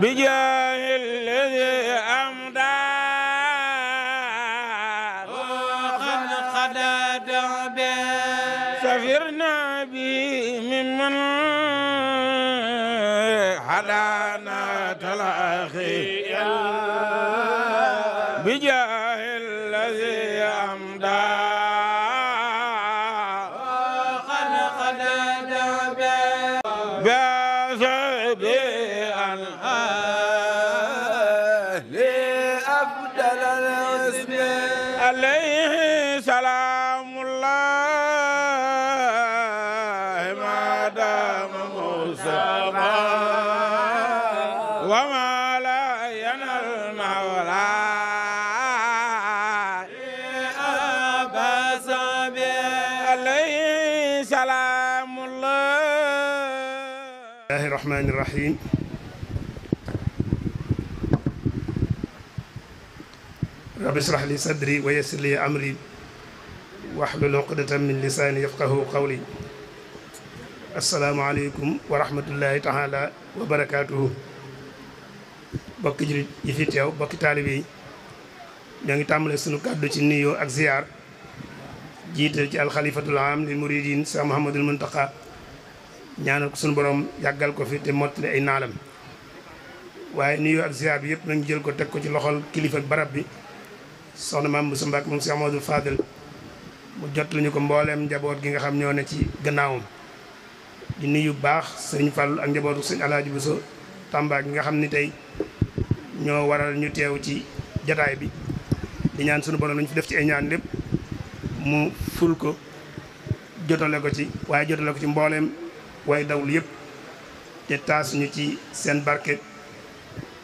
bi الرحيم رب اشرح لي صدري ويسر لي أمري واحلل عقدة من لساني يفقه قولي asalaamaaleykum wa rahmatullahi taala wa bokki jullit yi bokki taalibe yi ñoo ngi tàmbale sunu kàddu ci nuyoo ak ziyaar jiital ci alxalifatul am li muridin Cheikh Mouhamadul Muntaqa ñaanal ko suñu borom yàggal ko fi te mottali ay naalam waaye nuyoo ak ziar bi yëpp nañ jël ko teg ko ci loxol kilifa ak barab bi soxna maam Moussa Mbacke moom Cheikh Amadou Fadel mu jot luñu ko mbooleem njaboot gi nga xam ñoo ne ci gannaawam di nuyu baax sëriñ Fall ak njabootu sëriñ Alaaji Bousso Tamba gi nga xam ni tey ñoo waral ñu teew ci jataay bi di ñaan sunu borom lañ fi def ci ay ñaan lépp mu ful ko jotale ko ci waaye jotale ko ci mbooleem way dawlu yëpp te taasuñu ci seen barke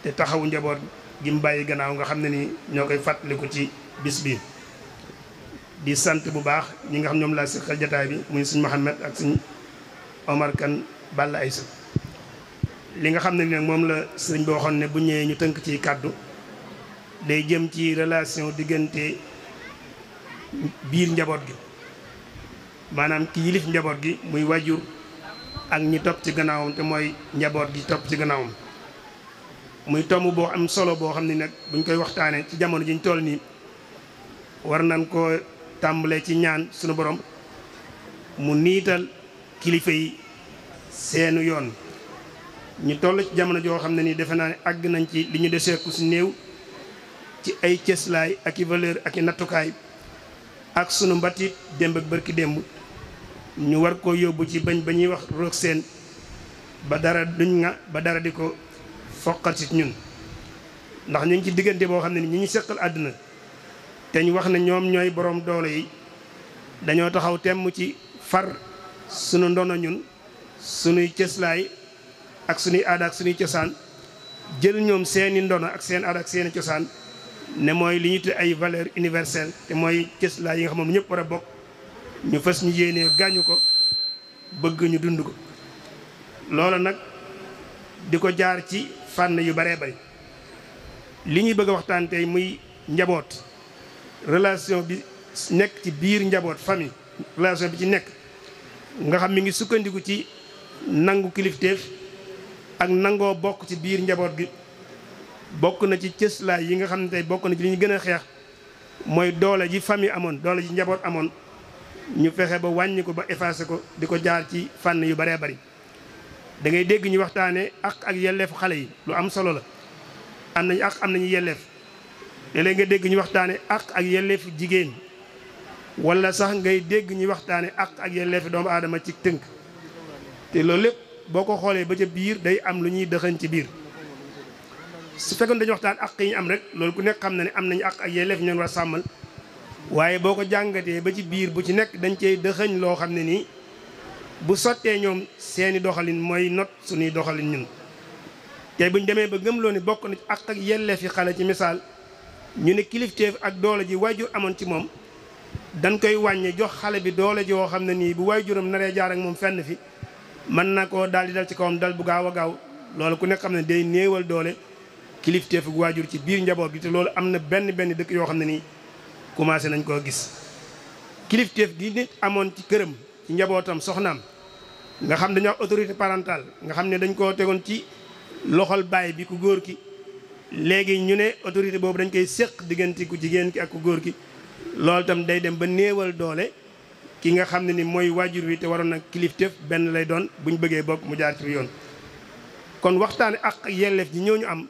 te taxawu njaboot gi mu bàyyi gannaaw nga xam ne ni ñoo koy fàttaliku ci bis bi di sant bu baax ñi nga xam ñoom laa si jataay bi muy suñ Mouhamed ak suñ Omar Kane Balla Aïssa li nga xam ne ni moom la sëriñ booxoon ne bu ñëwee ñu tënk ci kàddu day jëm ci relation diggante biir njaboot gi maanaam ki yilif njaboot gi muy wajur ak ñi topp ci gannaawam te mooy njaboot gi topp ci gannaawam muy tomb boo am solo boo xam ne nag buñ koy waxtaanee ci jamono ji ñu toll nii war nañ ko tàmbalee ci ñaan sunu borom mu niital kilifa yi seenu yoon ñu toll ci jamono joo xam ne nii defe naa ne àgg nañ ci li ñu deseeku ci néew ci ay cëslaay ak i valeur ak i nattukaay ak sunu mbatit démb bërki démb ñu war koo yóbbu ci bañ ba ñuy wax roog seen ba dara duñ nga ba dara di ko foqal ñun ndax ñu ci diggante boo xam ne ni ñi ñu seqal àdduna te wax na ñoom ñooy borom doole yi dañoo taxaw temm ci far sunu ndono ñun sunuy cëslaay ak sunuy aada ak sunuy cosaan jël ñoom seeni ndono ak seen aada ak seeni cosaan ne mooy li ñu tudd ay valeur universelle te mooy cëslaay yi nga xam moom ñëpp war a bokk ñu fas ñu yéenee gàññu ko bëgg ñu dund ko loola nag di ko jaar ci fànn yu baree bari li ñuy bëgg a waxtaan tey muy njaboot relation bi nekk ci biir njaboot famille relation bi ci nekk nga xam mi ngi sukkandiku ci nangu kilifteef ak nangoo bokk ci biir njaboot gi bokk na ci cëslaay yi nga xam ne bokk na ci li ñu gën a xeex mooy doole ji famille amoon doole ji njaboot amoon ñu fexe ba wàññi ko ba effacé ko di ko jaar ci fànn yu baree bari da ngay dégg ñu waxtaanee ak ak yelleefu xale yi lu am solo la am nañu ak am nañu yelleef léeg dégg ñu waxtaane ak ak yelleefu jigéen wala sax ngay dégg ñuy waxtaanee ak ak yelleefu doomu aadama ci tënk te loolu lépp boo ko xoolee ba ca biir day am lu ñuy dëxañ ci biir su fekkoon dañu waxtaan ak yi ñu am rek loolu ku nekk xam na ne am nañu ak ak yelleef ñoom war sàmmal waaye boo ko jàngatee ba ci biir bu ci nekk dañ cey dëxëñ loo xam ne nii bu sottee ñoom seeni doxalin mooy not suñuy doxalin ñun tey buñ demee ba gëm loo ni bokk na ak ak yelleef xale ci misaal ñu ne kilifteef ak doole ji waajur amoon ci moom dañ koy wàññee jox xale bi doole ji xam ne nii bu waajuram naree jaar ak moom fenn fi mën na koo daal di dal ci kawam dal bu gaaw a gaaw loolu ku nekk xam ne day néewal doole kilifteef ak waajur ci biir njaboot bi te loolu am na benn benn dëkk yoo xam ne nii commencé nañ koo gis kilifteef gi nit amoon ci këram ci njabootam soxnaam nga xam dañoo autorité parentale nga xam ne dañ koo tegoon ci loxol baay bi ku góor ki léegi ñu ne autorité boobu dañ koy séq diggante ku jigéen ki ak ku góor ki loolu itam day dem ba néewal doole ki nga xam ne ni mooy waajur wi te waroon nag kilifteef benn lay doon buñ bëggee bokk mu jaar ci yoon kon waxtaane ak yelleef ji ñooñu am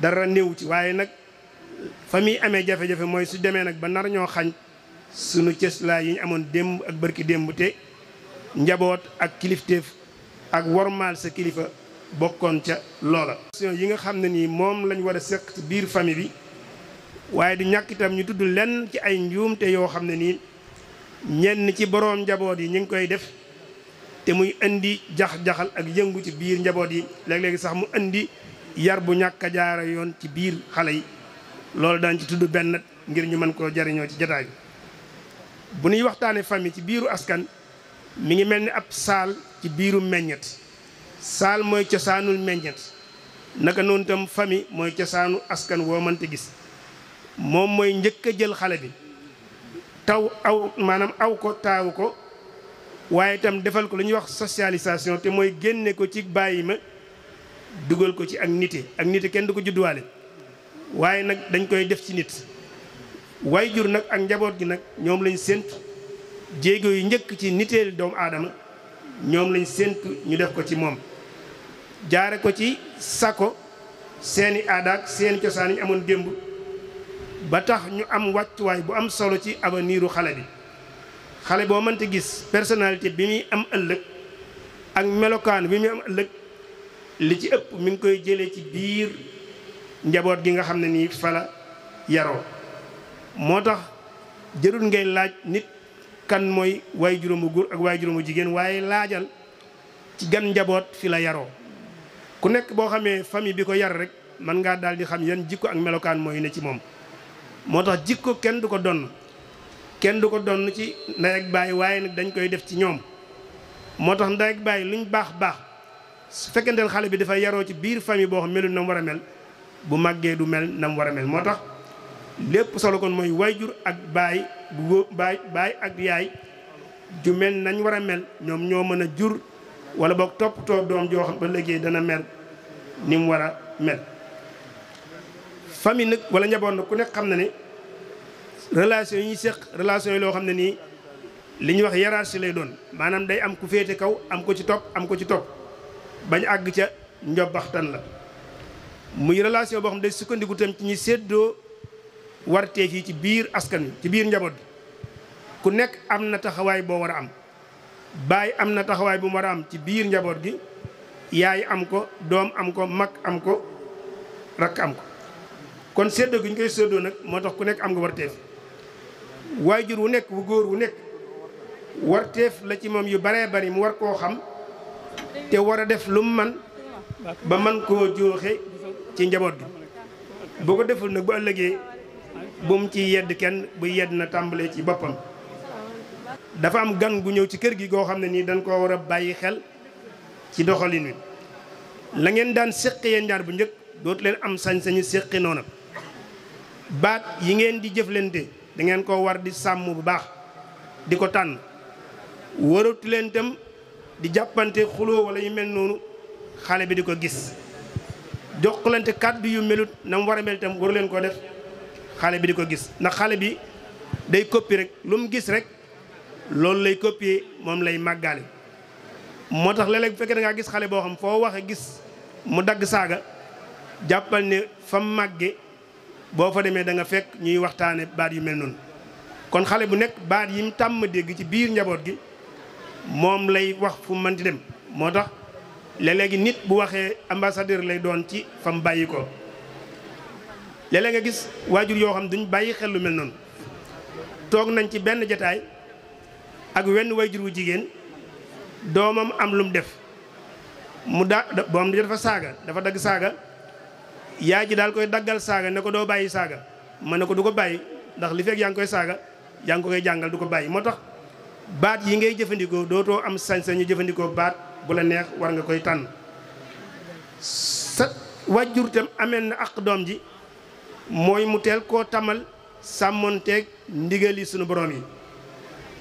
dara néew ci waaye nag fa amee jafe-jafe mooy su demee nag ba nar ñoo xañ sunu cëslaay yi ñu amoon démb ak bërki démb te njaboot ak kilifteef ak wormaal sa kilifa bokkoon ca loola. yi nga xam ne nii moom lañ war a sëq biir famille bi waaye du ñàkk itam ñu tudd lenn ci ay njuumte yoo xam ne nii ñenn ci boroom njaboot yi ñu ngi koy def te muy indi jax-jaxal ak yëngu ci biir njaboot yi léeg-léegi sax mu indi yar bu ñàkk a jaara yoon ci biir xale yi. loolu daañ ci tudd benn ngir ñu mën koo jariñoo ci jataay bi bu ñuy waxtaanee famille ci biiru askan mi ngi mel ni ab saal ci biiru meññet saal mooy cosaanul meññet naka noonu tam famille mooy cosaanu askan woo mënte gis moom mooy njëkk a jël xale bi taw aw maanaam aw ko taawu ko waaye itam defal ko lu ñuy wax socialisation te mooy génne ko ci bàyyi ma dugal ko ci ak nite ak nite kenn du ko judduwaale waaye nag dañ koy def ci nit way jur nag ak njaboot gi nag ñoom lañu sént jéego yu njëkk ci niteel doomu aadama ñoom lañ sént ñu def ko ci moom jaare ko ci sako seeni aadaak seeni cosaan yi amoon démb ba tax ñu am wàccuwaay bu am solo ci aveniru xale bi xale boo mënte gis personnalité bi muy am ëllëg ak melokaan bi muy am ëllëg li ci ëpp mi ngi koy jëlee ci biir njaboot gi nga xam ne nii fala yaroo moo tax jërul ngay laaj nit kan mooy waay juróomu góor ak waay juróomu jigéen waaye laajal ci gan njaboot fi la yaroo ku nekk boo xamee famille bi ko yar rek mën ngaa daal di xam yan jikko ak melokaan mooy ne ci moom moo tax jikko kenn du ko donn kenn du ko donn ci ndey ak baay waaye nag dañ koy def ci ñoom moo tax ndey ak baay luñ baax baax su fekkenteel xale bi dafa yaroo ci biir famille boo xam melu na war a mel bu màggee du mel na war a mel moo tax lépp solo kon mooy jur ak baay bu baay baay ak yaay ju mel nañ war a mel ñoom ñoo mën a jur wala boog toppatoo doom joo xam ba léegi dana mel ni mu war a mel. famille nag wala njaboon nag ku nekk xam na ni relation yi ñuy seq relation yi loo xam ne nii li ñuy wax hiérarchie lay doon maanaam day am ku féete kaw am ko ci topp am ko ci topp bañ àgg ca njobbaxtan la. muy relation boo xam ne day sukkandiku tam ci ñi séddoo warteef yi ci biir askan ci biir njaboot bi ku nekk am na taxawaay boo war a am baay am na taxawaay bu mu war a am ci biir njaboot gi yaay am ko doom am ko mag am ko rakk am ko kon séddoo gi ñu koy séddoo nag moo tax ku nekk am nga warteef waajur wu nekk wu góor wu nekk warteef la ci moom yu baree bari mu war koo xam te war a def lu mu man ba man koo jooxe ci njaboot gi bu ko deful nag bu ëllëgee bu ci yedd kenn bu yedd na tàmbalee ci boppam dafa am gan gu ñëw ci kër gi koo xam ne nii dañ koo war a bàyyi xel ci doxalin wi la ngeen daan séqi yéen ñaar bu njëkk dootu leen am sañ-sañu séqi noona baat yi ngeen di jëflante dangeen ngeen koo war di sàmm bu baax di ko tànn waratu leen itam di jàppante xuloo wala yu mel noonu xale bi di ko gis jokkalante kàddu yu melut na mu war a mel itam waru leen koo def xale bi di ko gis ndax xale bi day koppi rek lu mu gis rek loolu lay copier moom lay màggaale moo tax léeg-léeg bu fekkee da gis xale boo xam foo waxee gis mu dagg saaga jàppal ne fa màgge boo fa demee danga fekk ñuy waxtaane baat yu mel noonu kon xale bu nekk baat yi mu tàmm dégg ci biir njaboot gi moom lay wax fu mu mën di dem moo tax léeg-léegi nit bu waxee ambassadeur lay doon ci fam bàyyi ko léeg nga gis waajur yoo xam duñ bàyyi xel lu mel noonu toog nañ ci benn jataay ak wenn waajur wu jigéen doomam am lum def mu da boom dafa saaga dafa dagg saaga yaay ji daal koy daggal saaga ne ko doo bàyyi saaga ma ne ko du ko bàyyi ndax li fekk yaa ngi koy saaga yaa ngi ko koy jàngal du ko bàyyi moo tax baat yi ngay jëfandikoo dootoo am sañ-sañu jëfandikoo baat bu la neex war nga koy tànn sa wàjjur tam ameel na ak doom ji mooy mu teel koo tamal sàmmonteeg ndigal yi sunu borom yi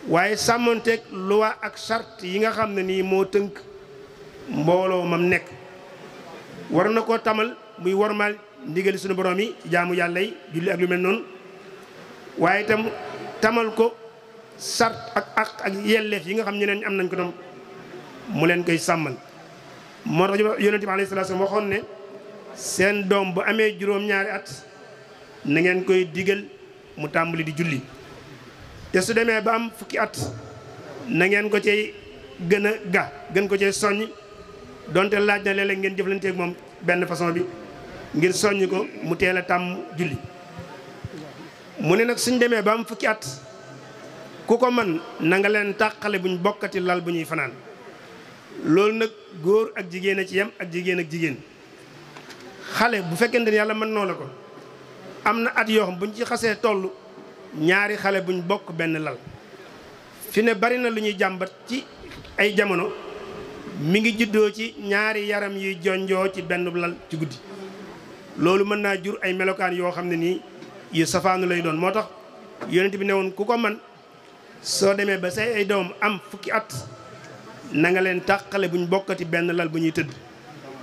waaye sàmmonteeg loi ak charte yi nga xam ne nii moo tënk mbooloo mam nekk war na koo tamal muy wormaal ndigal yi sunu borom yi ci jaamu yàlla yi julli ak lu mel noonu waaye itam tamal ko charte ak ak yelleef yi nga xam ñeneen am nañ ko tam mu leen koy sàmmal moo tax yonente bi alayhi salaatu salaam waxoon ne seen doom bu amee juróom-ñaari at na ngeen koy digal mu tàmbali di julli te su demee ba am fukki at na ngeen ko cay gën a ga gën ko cay soññ donte laaj na léeg ngeen jëflanteeg moom benn façon bi ngir soññ ko mu teel a tàmm julli mu ne nag suñ demee ba am fukki at ku ko man na nga leen tàqale buñ bokkati lal bu ñuy fanaan loolu nag góor ak jigéen a ci yem ak jigéen ak jigéen xale bu fekkente ne yàlla mën noo la ko am na at yoo xam buñ ci xasee toll ñaari xale buñ bokk benn lal fi ne bari na lu ñuy jàmbat ci ay jamono mu ngi juddoo ci ñaari yaram yuy jonjoo ci benn lal ci guddi loolu mën naa jur ay melokaan yoo xam ne nii yu safaanu lay doon moo tax yonent bi ne woon ku ko man soo demee ba say ay doom am fukki at nanga nga leen tàqale buñ bokkati benn lal bu ñuy tëdd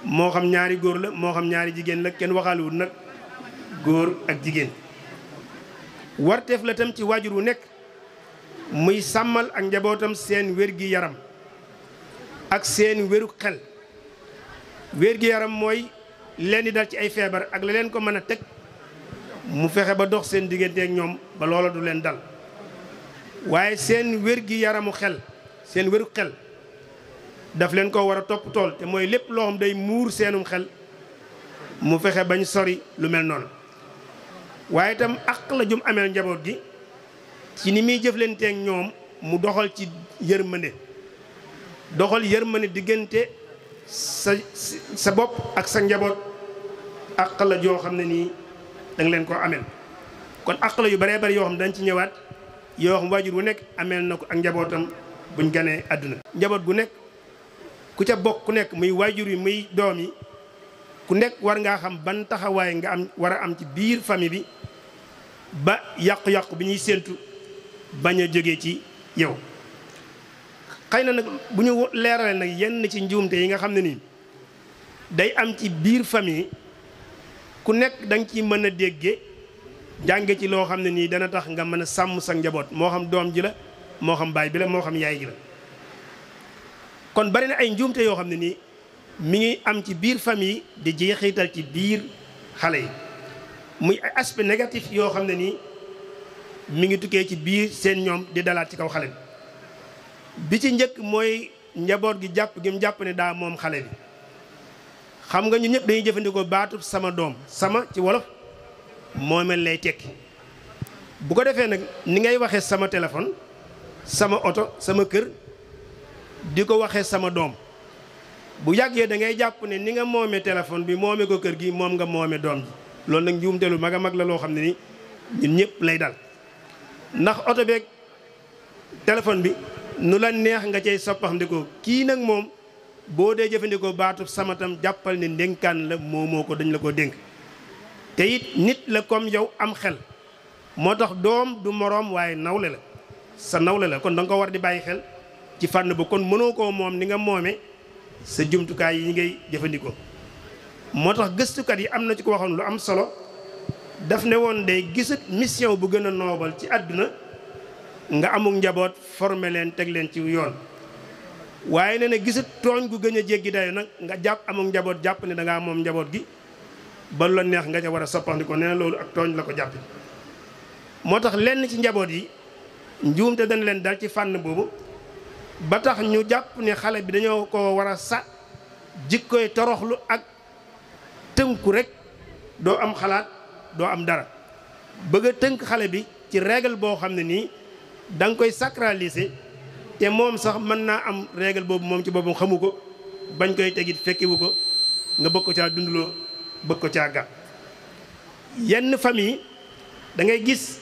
moo xam ñaari góor la moo xam ñaari jigéen la kenn waxaaliwul nag góor ak jigéen warteef la tam ci waajur wu nekk muy sàmmal ak njabootam seen wér-gi yaram ak seen wéru xel wér-gi yaram mooy leen di dal ci ay feebar ak la leen ko mën a teg mu fexe ba dox seen diggante ak ñoom ba loola du leen dal waaye seen wér-gi yaramu xel seen wéru xel daf leen ko war a topp tool te mooy lépp loo xam day muur seenum xel mu fexe bañ sori lu mel noonu waaye itam àq la jum ameel njaboot gi ci ni muy jëf jëflanteeg ñoom mu doxal ci yërmande doxal yërmande diggante sa sa bopp ak sa njaboot àq la joo xam ne nii danga leen koo ameel kon àq la yu baree bari yoo xam ne dañ ci ñëwaat yoo xam waajur wu nekk ameel na ko ak njabootam buñ ganee àdduna njaboot gu nekk ku ca bokk ku nekk muy waajur yi muy doom yi ku nekk war ngaa xam ban taxawaay nga am war a am ci biir famille bi ba yàqu-yàqu bi ñuy séentu bañ a jóge ci yow xëy na nag bu ñu leerale nag yenn ci njuumte yi nga xam ne nii day am ci biir famille ku nekk danga ci mën a dégge jànge ci loo xam ne nii dana tax nga mën a sàmm sa njaboot moo xam doom ji la moo xam baay bi la moo xam yaay ji la kon bari na ay njuumte yoo xam ne nii mi ngi am ci biir famille di jeexital ci biir xale yi muy ay aspect négatif yoo xam ne nii mu ngi tukkee ci biir seen ñoom di dalaat ci kaw xale bi bi ci njëkk mooy njaboot gi jàpp gi mu jàpp ne daa moom xale bi xam nga ñu ñëpp dañuy jëfandikoo baatub sama doom sama ci wolof moo mel lay tekki bu ko defee nag ni ngay waxee sama téléphone sama oto sama kër di ko waxee sama doom bu yàggee da ngay jàpp ne ni nga moome téléphone bi moome ko kër gi moom nga moome doom ji loolu nag njuumte lu mag a la loo xam ne ni ñun ñëpp lay dal ndax oto beeg téléphone bi nu la neex nga cay soppaxndikoo kii nag moom boo dee jëfandikoo baatu sama tam jàppal ne ndénkaan la moomoo ko dañ la ko dénk te it nit la comme yow am xel moo tax doom du moroom waaye nawle la sa nawle la kon da ko war di bàyyi xel ci fànn ba kon mënoo koo moom ni nga moome sa jumtukaay yi ngay jëfandikoo moo tax gëstukat yi am na ci ko waxoon lu am solo daf ne woon day gisut mission bu gën a noobal ci àdduna nga amul njaboot formé leen teg leen ci yoon waaye nee na gisut tooñ gu gën a jéggi dayo nag nga jàpp amul njaboot jàpp ne da moom njaboot gi ba la neex nga ca war a soppandiko nee na loolu ak tooñ la ko jàpp moo tax lenn ci njaboot yi njuumte dana leen dal ci fànn boobu ba tax ñu jàpp ni xale bi dañoo ko war a sa jikkoy toroxlu ak tënku rekk doo am xalaat doo am dara bëgg tënk xale bi ci règle boo xam ne nii danga koy sacraliser te moom sax mën naa am règle boobu moom ci boppam xamu ko bañ koy tegit fekkiwu ko nga bëgg ko caa dundloo bëgg ko caa gàpp yenn famille da ngay gis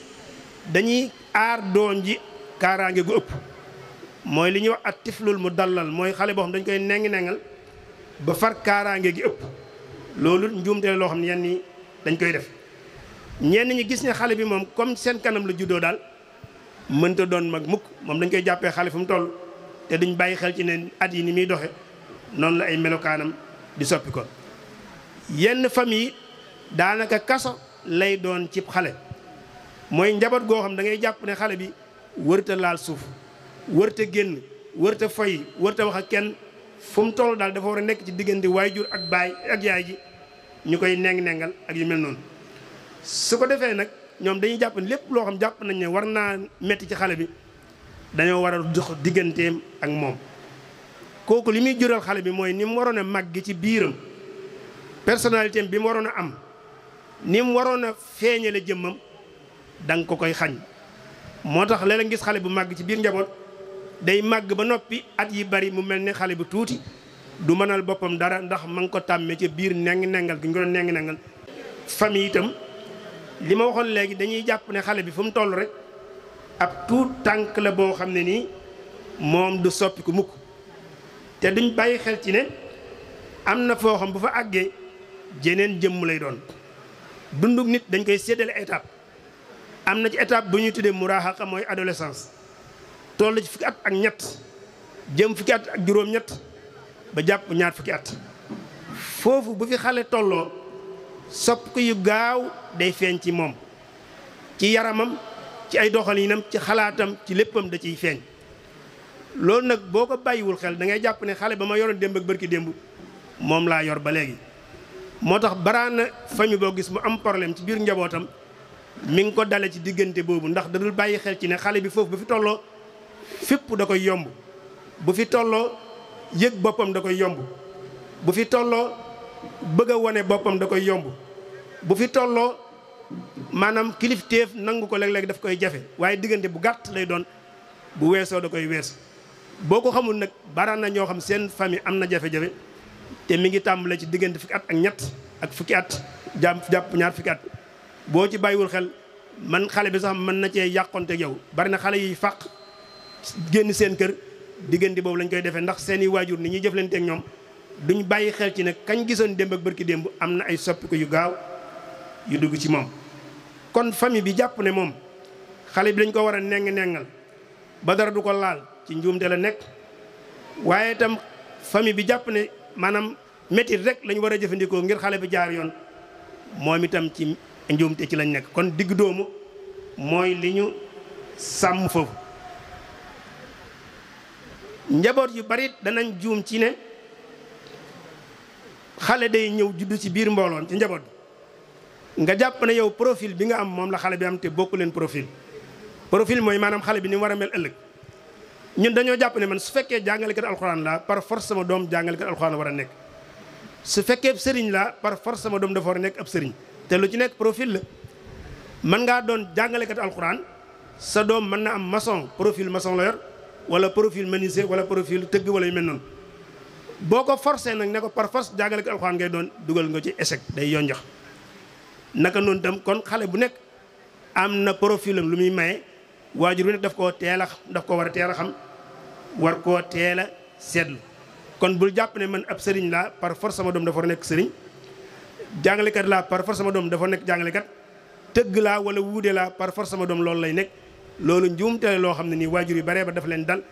dañuy aar doon ji kaaraange gu ëpp mooy li ñuy wax at tiflul mu dallal mooy xale boo xam dañ koy nengi nengal ba far kaaraange gi ëpp loolu njuumte loo xam ne yenn ñi dañ koy def ñenn ñi gis ne xale bi moom comme seen kanam la juddoo daal mënta doon mag mukk moom dañ koy jàppee xale fu mu toll te duñ bàyyi xel ci ne at yi ni muy doxe noonu la ay melokaanam di soppi ko yenn famille daanaka kaso lay doon cib xale mooy njaboot goo xam da ngay jàpp ne xale bi wërta laal suuf wërte génn wërta fay wërta wax ak kenn fu mu daal dafa war a nekk ci diggante waajur ak baay ak yaay ji ñu koy neng-nengal ak yu mel noonu su ko defee nag ñoom dañuy jàpp ne lépp loo xam jàpp nañ ne war naa metti ci xale bi dañoo war a dox digganteem ak moom kooku li muy jural xale bi mooy ni mu waroon a màgg ci biiram personnalité bi mu waroon a am ni mu waroon a feeñale jëmmam da nga ko koy xañ moo tax léeg-léeg gis xale bu màgg ci biir njaboot day màgg ba noppi at yi bari mu mel ni xale bu tuuti du mënal boppam dara ndax ma ngi ko tàmmee ca biir nengi nengal gi ñu ko doon nengi nengal famille itam li ma waxoon léegi dañuy jàpp ne xale bi fu mu toll rek ab tuut tànk la boo xam ne nii moom du soppi ku mukk te duñ bàyyi xel ci ne am na foo xam bu fa àggee jeneen jëmm lay doon dunduk nit dañ koy séddale étape am na ci étape bu ñuy tuddee muraahaqa mooy adolescence toll ci fukki at ak ñett jëm fukki at juróom-ñett ba jàpp ñaar fukki at foofu bu fi xale tolloo sopp ko yu gaaw day feeñ ci moom ci yaramam ci ay doxalinam ci xalaatam ci léppam da ciy feeñ loolu nag boo ko bàyyiwul xel da ngay jàpp ne xale ba ma yoroon démb ak bërki démb moom laa yor ba léegi moo tax baraana famille boo gis mu am problème ci biir njabootam mu ngi ko dale ci diggante boobu ndax da bàyyi xel ci ne xale bi foofu ba fi tolloo fépp da koy yomb bu fi tolloo yëg boppam da koy yomb bu fi tolloo bëgg a wane boppam da koy yomb bu fi tolloo maanaam kilifteef nangu ko lekk léeg daf koy jafe waaye diggante bu gàtt lay doon bu weesoo da koy wees boo ko xamul nag baraan na ñoo xam seen famille am na jafe-jafe te mi ngi tàmbale ci diggante fukki at ak ñett ak fukki at jàpp jàpp ñaar fukki at boo ci bàyyiwul xel man xale bi sax mën na cee yàqonte yow bari na xale yiy fàq génn seen kër diggante boobu lañ koy defee ndax seeni waajur ni ñuy jëflanteeg ñoom duñ bàyyi xel ci nag kañ gisoon démb ak bërki démb am na ay soppiku yu gaaw yu dugg ci moom. kon famille bi jàpp ne moom xale bi dañ ko war a neng nengal ba dara du ko laal ci njuumte la nekk waaye itam famille bi jàpp ne maanaam métit rek lañ war a jëfandikoo ngir xale bi jaar yoon moom itam ci njuumte ci lañ nekk kon digg doomu mooy li ñu sàmm foofu. njaboot yu bari danañ juum ci ne xale day ñëw juddu ci biir mbooloon ci njaboot bi nga jàpp ne yow profil bi nga am moom la xale bi am te bokku leen profil profil mooy maanaam xale bi ni war a mel ëllëg ñun dañoo jàpp ne man su fekkee jàngalekat alxuraan la par force sama doom jàngalekat alxuraan war a nekk su fekkee ab sëriñ la par force sama doom dafa war a nekk ab sëriñ te lu ci nekk profil la mën ngaa doon jàngalekat alxuraan sa doom mën na am maçon profil maçon wala profil menuisier wala profil tëgg wala yu mel noonu boo ko forcé nag ne ko par force jàngale ko alxuraan ngay doon dugal nga ci échec day yonjox naka noonu tam kon xale bu nekk am na profil lu muy maye waajur wi nekk daf koo teel a daf koo war a teel a xam war koo teel a seetlu kon bul jàpp ne man ab sëriñ laa par force sama doom dafa nekk sëriñ jàngalekat laa par force sama doom dafa nekk jàngalekat tëgg laa wala wuude laa par force sama doom loolu lay nekk loolu njuumte loo xam ne nii waajur yu baree ba dafa leen dal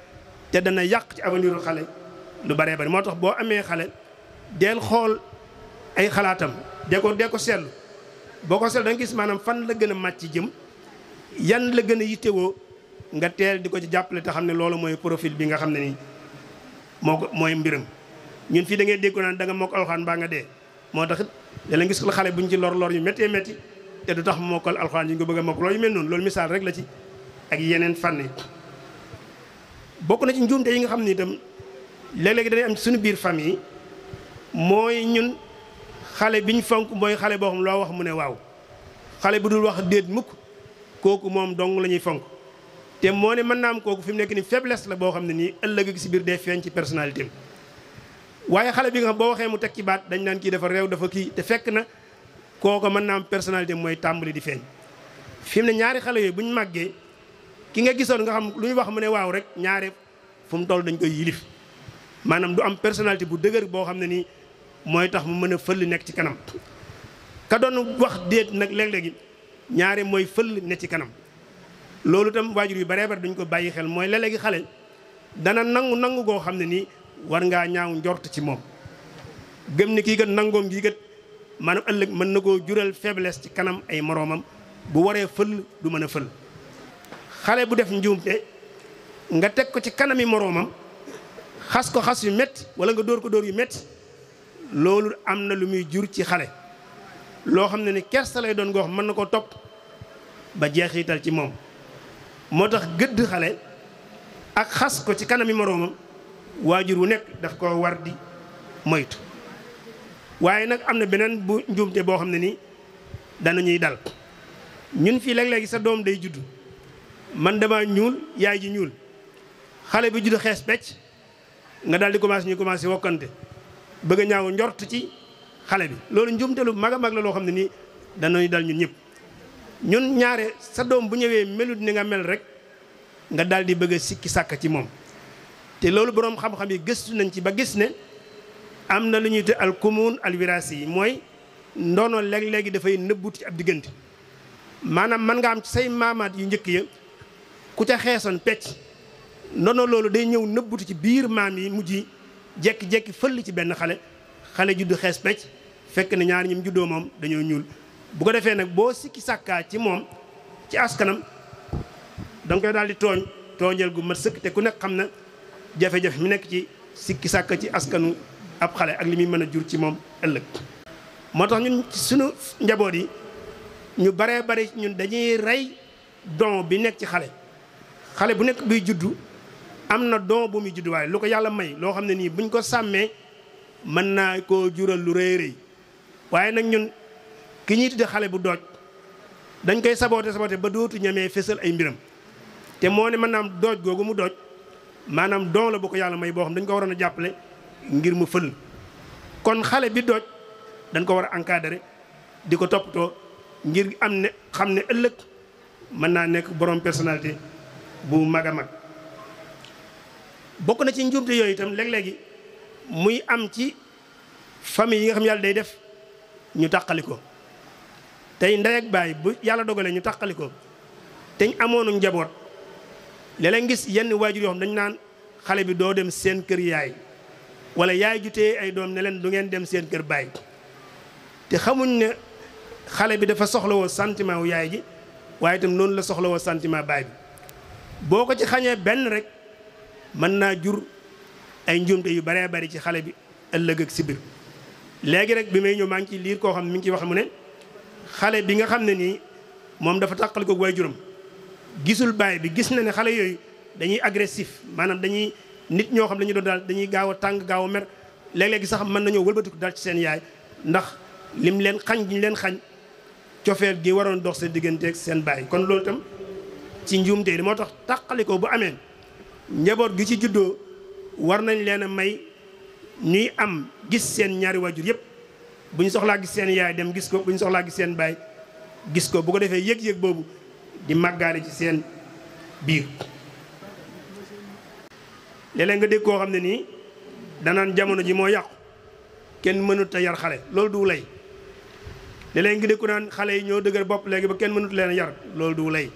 te dana yàq ci avenir xale lu baree bari moo tax boo amee xale deel xool ay xalaatam de ko dee ko seetlu boo ko seetlu da nga gis maanaam fan la gën a màcc jëm yan la gën a yittewoo nga teel di ko ci jàppale te xam ne loolu mooy profil bi nga xam ne nii moo ko mooy mbiram ñun fii da ngay dégg naan da nga mokkal alxuraan baa nga dee moo tax da la gis xale buñ ci lor lor te du tax mokkal alxuraan la ci ak yeneen fànn yi bokk na ci njuumte yi nga xam ne itam léeg-léeg danay am suñu biir fami mooy ñun xale bi ñu fonk mooy xale boo xam loo wax mu ne waaw xale bu dul wax déet mukk kooku moom dong lañuy fonk te moo ne mën naa am kooku fi mu nekk ni faiblesse la boo xam ne nii ëllëg si biir day feeñ ci personnalité waaye xale bi nga xam boo waxee mu teg ci baat dañ naan kii dafa réew dafa kii te fekk na kooku mën naa am personnalité mooy tàmbali di feeñ fi ñaari xale yooyu bu màggee ki nga gisoon nga xam lu ñu wax mu ne waaw rek ñaare fu mu toll dañ koy yilif maanaam du am personnalité bu dëgër boo xam ne nii mooy tax mu mën a fël nekk ci kanam ka doon wax déet nag léeg-léegi ñaare mooy fël ne ci kanam loolu tam waajur yi baree bari ko bàyyi xel mooy léeg-léegi xale dana nangu nangu goo xam ne nii war ngaa ñaaw njort ci moom gëm ni kii kat nangoom gii kat maanaam ëllëg mën na koo jural faiblesse ci kanam ay moroomam bu waree fël du mën a fël xale bu def njuumte nga teg ko ci kanami moroomam xas ko xas yu metti wala nga dóor ko dóor yu metti loolu am na lu muy jur ci xale loo xam ne ni sa lay doon goo xam mën na koo topp ba jeexi tal ci moom moo tax gëdd xale ak xas ko ci kanami moroomam waajur wu nekk daf ko war di moytu waaye nag am na beneen bu njuumte boo xam ne ni dana ñuy dal ñun fii léeg-léegi sa doom day judd man dama ñuul yaay ji ñuul xale bi judd xees becc nga daal di commencé ñu commencé wokkante bëgg a ñaaw njort ci xale bi loolu njuumte lu mag a mag la loo xam ne nii danañu dal ñun ñëpp ñun ñaare sa doom bu ñëwee melut ni nga mel rek nga daal di bëgg sikki sàkk ci moom te loolu boroom xam-xam yi gëstu nañ ci ba gis ne am na lu ñuy te al kumun al wiraasi yi mooy ndono léeg-léegi dafay nëbbu ci ab diggante maanaam man nga am ci say maamaat yu njëkk ya ku ca xeesoon pecc ndono loolu day ñëw nëbbutu ci biir maam yi mujj jekki-jekki fëll ci benn xale xale juddu xees pecc fekk ne ñaari ñum juddoo moom dañoo ñuul bu ko defee nag boo sikki sàkkaa ci moom ci askanam danga koy daal di tooñ tooñal gu mat sëkk te ku nekk xam na jafe-jafe mi nekk ci sikki sàkka ci askanu ab xale ak li muy mën a jur ci moom ëllëg moo tax ñun suñu njaboot yi ñu baree bari ñun dañuy rey don bi nekk ci xale xale bu nekk buy juddu am na don bu muy judduwaay lu ko yàlla may loo xam ne nii buñ ko sàmmee mën naa koo jural lu rëy rëy waaye nag ñun ki ñuy tudde xale bu dooj dañ koy saboote saboote ba dootu ñemee fésal ay mbiram te moo ne maanaam dooj googu mu dooj maanaam don la bu ko yàlla may boo xam dañ ko waroon a jàppale ngir mu fël kon xale bi dooj dañ ko war a encadrer di ko toppatoo ngir am ne xam ne ëllëg mën naa nekk borom personnalité bu mag a mag bokk na ci njuumte yooyu itam léeg-léegi muy am ci famille yi nga xam yàlla day def ñu tàqali ko tey ndey ak baay bu yàlla dogalee ñu tàqali teñ te amoonu njaboot léeg-léeg ngis yenn waajur yoo xam dañu naan xale bi doo dem seen kër yaay walla yaay jutee ay doom ne leen du ngeen dem seen kër baay te xamuñ ne xale bi dafa soxlawoo santiment wu yaay ji waaye itam noonu la soxlawoo sentiment baay bi boo ko ci xañee benn rek mën naa jur ay njuumte yu baree bari ci xale bi ëllëg ak si biir léegi rek bi may ñëw maa ngi ciy liir koo xam mi ngi ciy wax mu ne xale bi nga xam ne nii moom dafa tàqal ko waajuram gisul baay bi gis na ne xale yooyu dañuy agressif maanaam dañuy nit ñoo xam dañu doon daal dañuy gaaw a tàng gaaw a mer léeg-léegi sax mën nañoo wëlbatiku daal ci seen yaay ndax lim leen xañ gi ñu leen xañ cofeel gi waroon dox seen digganteeg seen baay kon loolu itam ci njuumte yi moo tax ko bu amee njaboot gi ci juddoo war nañ leen a may ñuy am gis seen ñaari waajur yëpp bu ñu soxlaa gis seen yaay dem gis ko bu soxlaa gis seen baay gis ko bu ko defee yëg-yëg boobu di màggaale ci seen biir leleen nga dégg koo xam ne nii danaan jamono ji moo yàqu kenn mënut a yar xale loolu du lay léeg-léeg nga dégg ko naan xale yi ñoo dëgër bopp léegi ba kenn mënut leen yar loolu du lay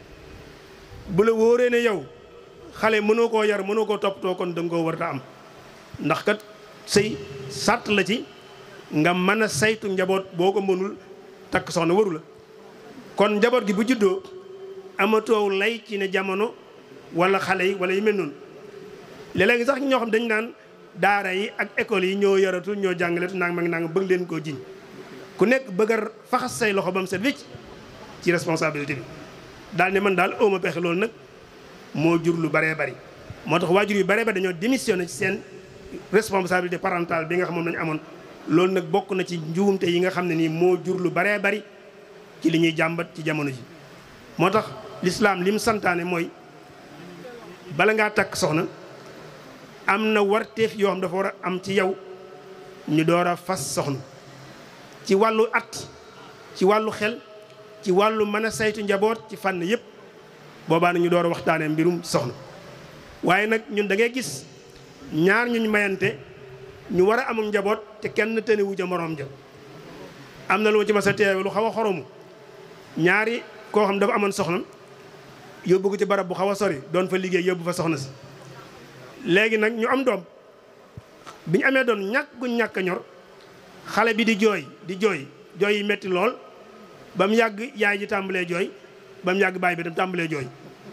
bu la wóoree ne yow xale mënoo koo yar mënoo koo toppatoo kon danga koo war a am ndax kat sëy sàtt la ci nga mën a saytu njaboot boo ko mënul takk soxna waru la kon njaboot gi bu juddoo amatoo lay ci ne jamono walla xale yi wala yi mel noonu léeg-léeg sax ñoo xam dañ naan daara yi ak école yi ñoo yaratu ñoo jàngaletu nang mag nang bëgg leen koo jiñ ku nekk bëgg a faxas say loxo ba mu set wécc ci responsabilité bi daal ne man daal ooma pexe loolu nag moo jur lu baree bari moo tax waajur yu baree bari dañoo na ci seen responsabilité parentale bi nga xamoon moom amoon loolu nag bokk na ci njuumte yi nga xam ne nii moo jur lu baree bari ci li ñuy jàmbat ci jamono ji moo tax lislaam lim santaane mooy bala ngaa takk soxna am na warteef yoo xam dafa war a am ci yow ñu door a fas soxna ci wàllu at ci wàllu xel ci wàllu mën a saytu njaboot ci fànn yëpp boobaa na ñu door a waxtaanee mbirum soxna waaye nag ñun dangay gis ñaar ñuñ mayante ñu war a amul njaboot te kenn tëniwu ca moroom ja am na lu ma ci ma sa teewe lu xaw a xoromu ñaari koo xam dafa amoon soxna yóbbu ko ci barab bu xaw a sori doon fa liggéey yóbbu fa soxna si léegi nag ñu am doom bi ñu amee doon ñàkk guñ ñàkk a ñor xale bi di jooy di jooy jooy yi metti lool ba mu yàgg yaay ji tàmbalee jooy ba mu yàgg baay bi tam tàmbalee jooy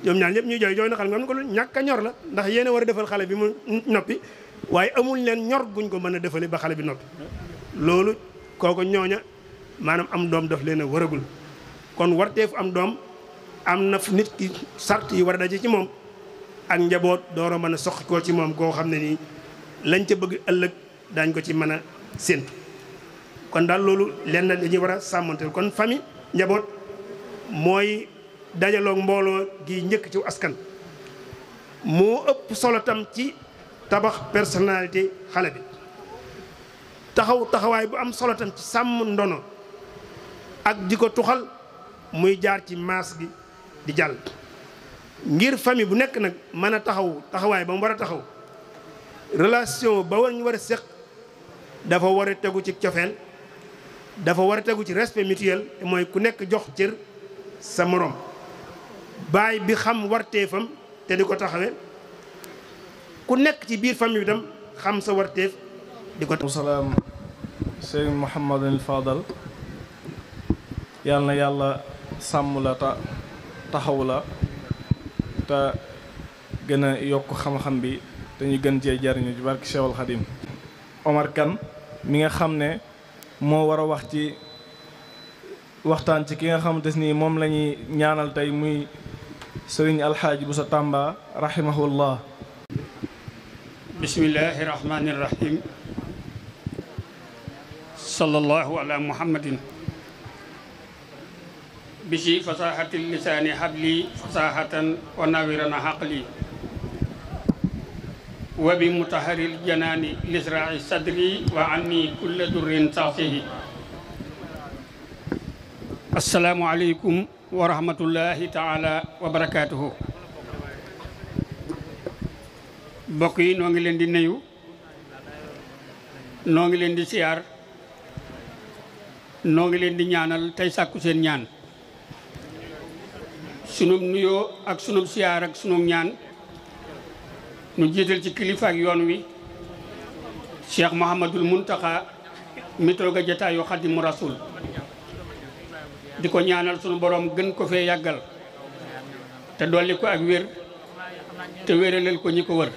ñoom ñaar ñëpp ñuy jooy jooy na xale mi am ko lu ñàkk a ñor la ndax yéen a war a defal xale bi mu noppi waaye amul leen ñor guñ ko mën a defale ba xale bi noppi loolu kooku ñooña maanaam am doom daf leen a waragul kon warteefu am doom am na nit ki sart yi war a daje ci moom ak njaboot door a mën a soq koo ci moom koo xam ne nii lañ ci bëgg ëllëg daañ ko ci mën a séntu kon daal loolu lenn dañuy war a sàmmanteel kon famille njaboot mooy dajaloog mbooloo gi njëkk ci askan moo ëpp solo tam ci tabax personnalité xale bi taxaw taxawaay bu am solo ci sàmm ndono ak di ko tuxal muy jaar ci maas bi di jàll ngir famille bu nekk nag mën a taxaw taxawaay ba mu war a taxaw relation ba war ñu war a séq dafa war a tegu ci cofeel dafa war a tegu ci respect mutuel mooy ku nekk jox cër sa moroom baay bi xam warteefam te di ko taxawe ku nekk ci biir famille bi tam xam sa warteef di ko salaam sëñ Mouhamadul Fadal yal na yàlla sàmm la ta taxaw la te gën a yokk xam-xam bi dañu gën cee jariñu ci barki Cheikhul Khadim Omar Kane mi nga xam ne moo war a wax ci waxtaan ci ki nga xamante ni moom lañuy ñuy ñaanal tey muy sëriñ alxaaji bu sa tàmba rahimahullah bismillahi rahmani rahim sallallahu ala muhammadin bi ci fasaxati lisaani habli fasaxatan wa nawirana xaqli wabi bi mutaharil janaani lisrai sadri wa anni kulla durrin saasihi assalaamu aleykum wa rahmatullahi taala wa barakaatuhu mbokk yi noo ngi leen di nuyu noo ngi leen di siyaar noo ngi leen di ñaanal tey sàkku seen ñaan sunub nuyoo ak sunub siyaar ak sunub ñaan nu jiital ci kilifa yoon wi cheikh mouhamadul muntaxa mi toog a jataayu xadimu rasul di ko ñaanal sunu borom gën ko fee yàggal te dolli ko ak wér te wéralal ko ñi ko wër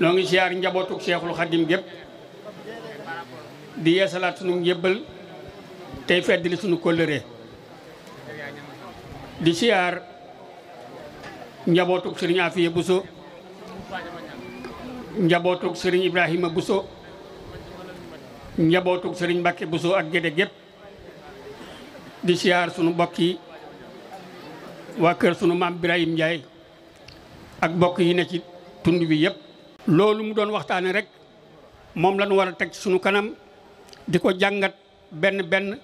noo ngi siyaar njabootuk cheikhul xadim gépp di yeesalaat sunu njébbal tey feddali sunu kóllëre di siyaar njabootug sëriñ Afiya Buso njabootug sëriñ Ibrahima Buso njabootug sëriñ Mbàkke Buso ak gédé gépp di siyaar sunu mbokk yi waa kër sunu maam Birahim Njaay ak mbokk yi ne ci tund bi yëpp loolu mu doon waxtaane rek moom la ñu war a teg ci sunu kanam di ko jàngat benn benn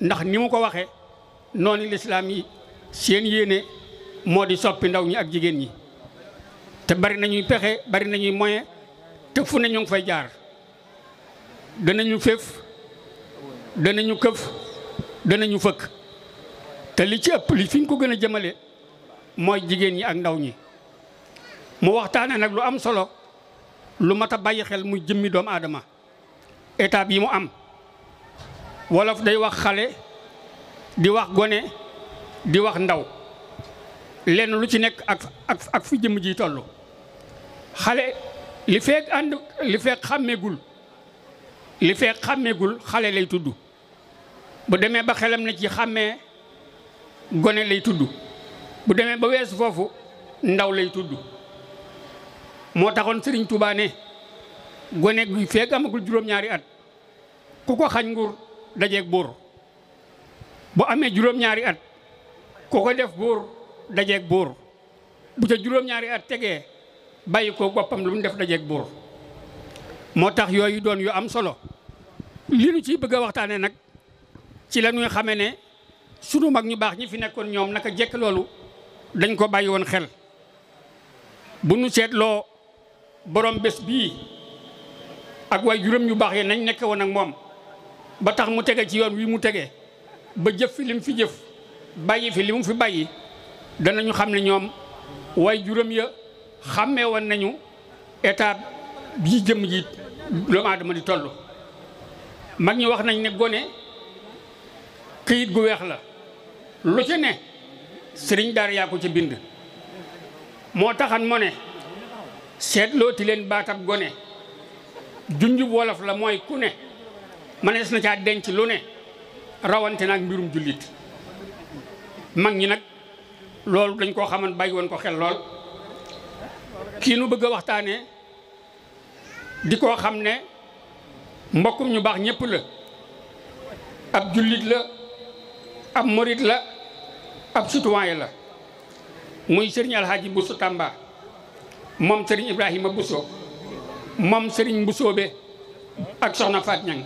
ndax ni mu ko waxee noonu lislaam yi seen yéene moo di soppi ndaw ñi ak jigéen ñi te bari nañuy pexe bari nañuy moyen te fu ne ñu fay jaar danañu féef danañu këf danañu fëkk te li ci ëpp li fiñ ko gën a jëmale mooy jigéen ñi ak ndaw ñi mu waxtaane nag lu am solo lu mat a bàyyi xel muy jëmmi doom aadama étape yi mu am wolof day wax xale di wax gone di wax ndaw lenn lu ci nekk ak ak ak fi jëmm ji tollu xale li feek ànd li feek xàmmeegul li feek xàmmeegul xale lay tuddu bu demee ba xelam na ci xàmmee gone lay tuddu bu demee ba weesu foofu ndaw lay tuddu moo taxoon Serigne Touba gone gi feek amagul juróom-ñaari at ku ko xañ nguur dajeek buur bu amee juróom-ñaari at ku ko def buur dajeeg buur bu ca juróom-ñaari at tegee bàyyi ko boppam lu mu def dajeeg buur moo tax yooyu doon yu am solo li nu ciy bëgg a waxtaane nag ci la ñuy xamee ne sunu mag ñu baax ñi fi nekkoon ñoom naka jekk loolu dañ ko bàyyi woon xel bu nu seetloo borom bés bii ak waay juróom ñu baax yi nañ nekk woon ak moom ba tax mu tege ci yoon wi mu tege ba jëf fi li fi jëf bàyyi fi li mu fi bàyyi danañu xam ne ñoom way juróom ya xàmmee woon nañu état bi jëmm ji doomu di toll mag ñi wax nañ ne gone këyit gu weex la lu ci ne sëriñ daar yaa ko ci bind moo taxan mu ne seetlooti leen baatab gone junjub wolof la mooy ku ne mënees na caa denc lu ne rawante naag mbirum jullit mag ñi nag loolu dañ koo xaman bàyyi woon ko xel lool kii nu bëgg a waxtaanee di koo xam ne mbokkum ñu baax ñëpp la ab jullit la ab morit la ab citoyen la muy sëriñ alxaaji Bousso Tamba moom sëriñ Ibrahima Bousso moom sëriñ Bousso be ak soxna Faat Ñang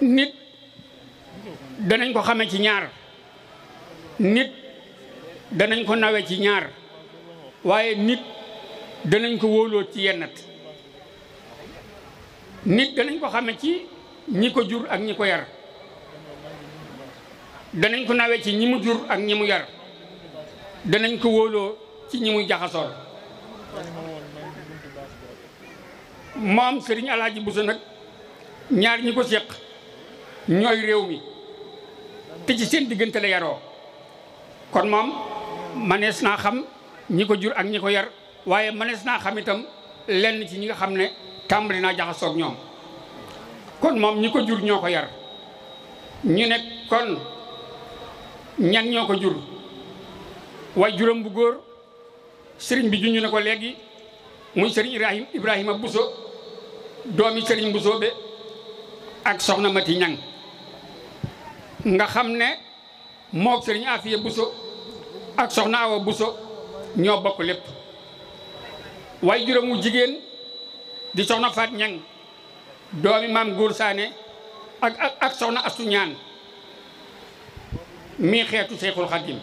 nit danañ ko xamee ci ñaar nit danañ ko nawe ci ñaar waaye nit danañ ko wóoloo ci yennat nit danañ ko xame ci ñi ko jur ak ñi ko yar danañ ko nawe ci ñi mu jur ak ñi mu yar danañ ko wóoloo ci ñi muy jaxasool moom sëriñ alaaji Buso ñaar ñi ko séq ñooy réew mi te ci seen diggante la yaroo kon moom manees naa xam ñi ko jur ak ñi ko yar waaye manees naa xam itam lenn ci ñi nga xam ne tàmbali naa jaxasoog ñoom kon moom ñi ko jur ñoo ko yar ñu ne kon ñan ñoo ko jur waaye juróom bu góor sëriñ bi juñu ne ko léegi muy sëriñ Ibrahima Ibrahima Bousso doomi sëriñ Bousso be ak soxna Mati Ñang nga xam ne mook sëriñ Afiya Bousso ak soxna Awa Bousso ñoo bokk lépp waaye juróomu jigéen di soxna Faat ñaŋ doomi maam Góor Saane ak ak ak soxna Astu mii xeetu Seexul Xadim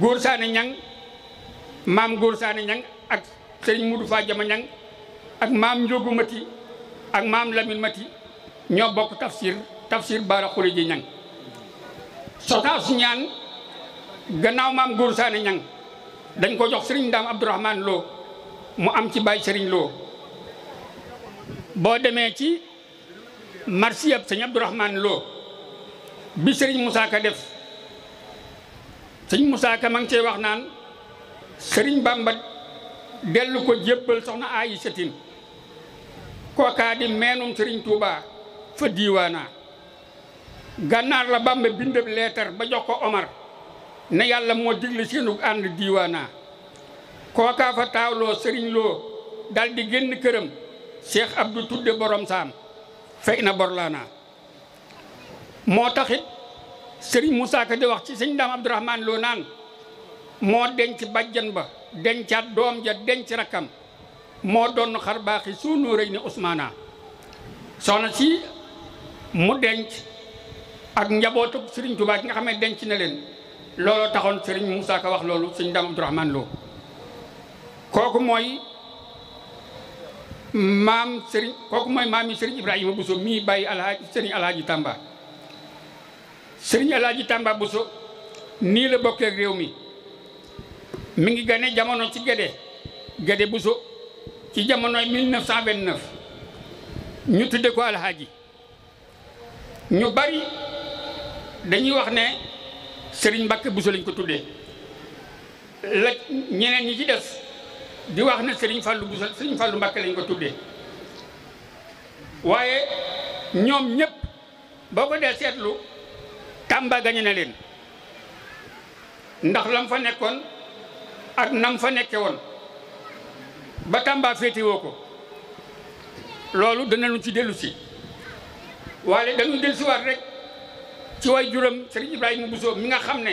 Góor Saane ñaŋ maam Góor Saane Ñang ak sëriñ Mudu Faa Jama Ñang ak maam Njóogu Mati ak maam Lamin Mati ñoo bokk tafsir tafsir baara xuli ji soxna Astu gannaaw maam góor saane ñang dañ ko jox sëriñ daam abdourahman loo mu am ci baay sëriñ loo boo demee ci marsiyab sëñ abdourahman loo bi sëriñ Moussa Ka def sëñ Moussa Ka ma ngi cee wax naan sëriñ Bamba dellu ko jébbal soxna ayi satin kookaa di meenum sëriñ Touba fa diiwaanaa gànnaar la Bamba bindab leetar ba jox ko Omar ne yàlla moo digle seenu ànd diiwaanaa kookaa fa taawloo sëriñ loo dal di génn këram Cheikh Abdou tudde borom saam fey na borlaanaa moo taxit sëriñ Moussa Ka di wax ci sëñ Daam Abdourahmane loo naan moo denc bàjjan ba dencaat doom ja denc rakkam moo doon xar baaxi suunu rëy ni Ousmana soxna si mu denc ak njabootu sëriñ Tuubaa gi nga xam denc na leen looloo taxoon sëriñ Moussa Ka wax loolu sëñ Dame Abdourahmane loo kooku mooy maam sëriñ kooku mooy maam yi sëriñ Ibrahima Bousso mii bàyyi alhaaj sëriñ alhaaji Tamba sëriñ alhaaji Tamba Bousso nii la bokkee réew mi mi ngi gane jamono ci gede bu Bousso ci jamonoy 1929 ñu tudde ko alhaaji ñu bari dañuy wax ne sëriñ Mbàkke Buso lañ ko tuddee la ñeneen ñi ci des di wax na sëriñ Fàllu Buso sëriñ Fàllu Mbàkke lañ ko tuddee waaye ñoom ñëpp boo ko dee seetlu Tàmba gañe na leen ndax lam fa nekkoon ak nam fa nekke woon ba Tàmba féetewoo ko loolu dana lu ci dellu si waaye dañu dellusiwaat rek ci way juróom Serigne Ibrahima Bousso mi nga xam ne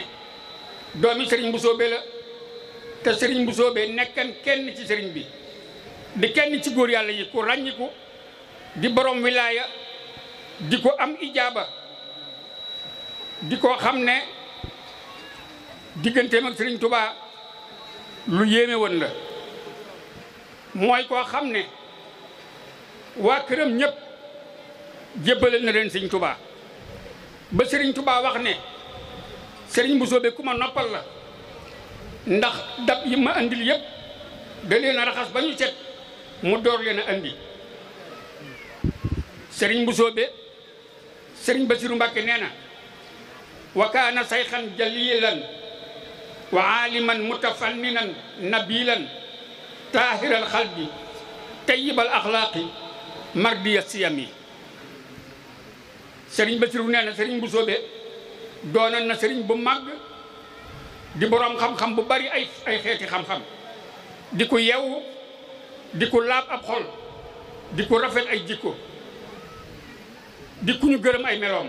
doomi sëriñ Bousso be la te sëriñ Bousso be nekkan kenn ci sëriñ bi di kenn ci góor yàlla yi ku ràññiku di borom wilaaya di ko am ijaaba di koo xam ne digganteem ak Serigne Touba lu yéeme woon la mooy koo xam ne waa këram ñëpp jébbale na leen Serigne tubaa ba Serigne wax ne Serigne Mboussobé ku ma noppal la ndax dab yi ma andil yëpp da leen a raxas ba ñu set mu door leen a andi Serigne Mboussobé Serigne Bassirou Mbacké nee na wa kaana sayxan jalilan wa aaliman mutafanninan nabilan taahiral xalbi tayyibal axlaaqi mardiya siyami sëriñ Basiru nee na sëriñ bu soobee doonal na sëriñ bu màgg di boroom xam-xam bu bari ay ay xeeti xam-xam di ko yewu di ko laab ab xol di ko rafet ay jikko di ku ñu gërëm ay meloom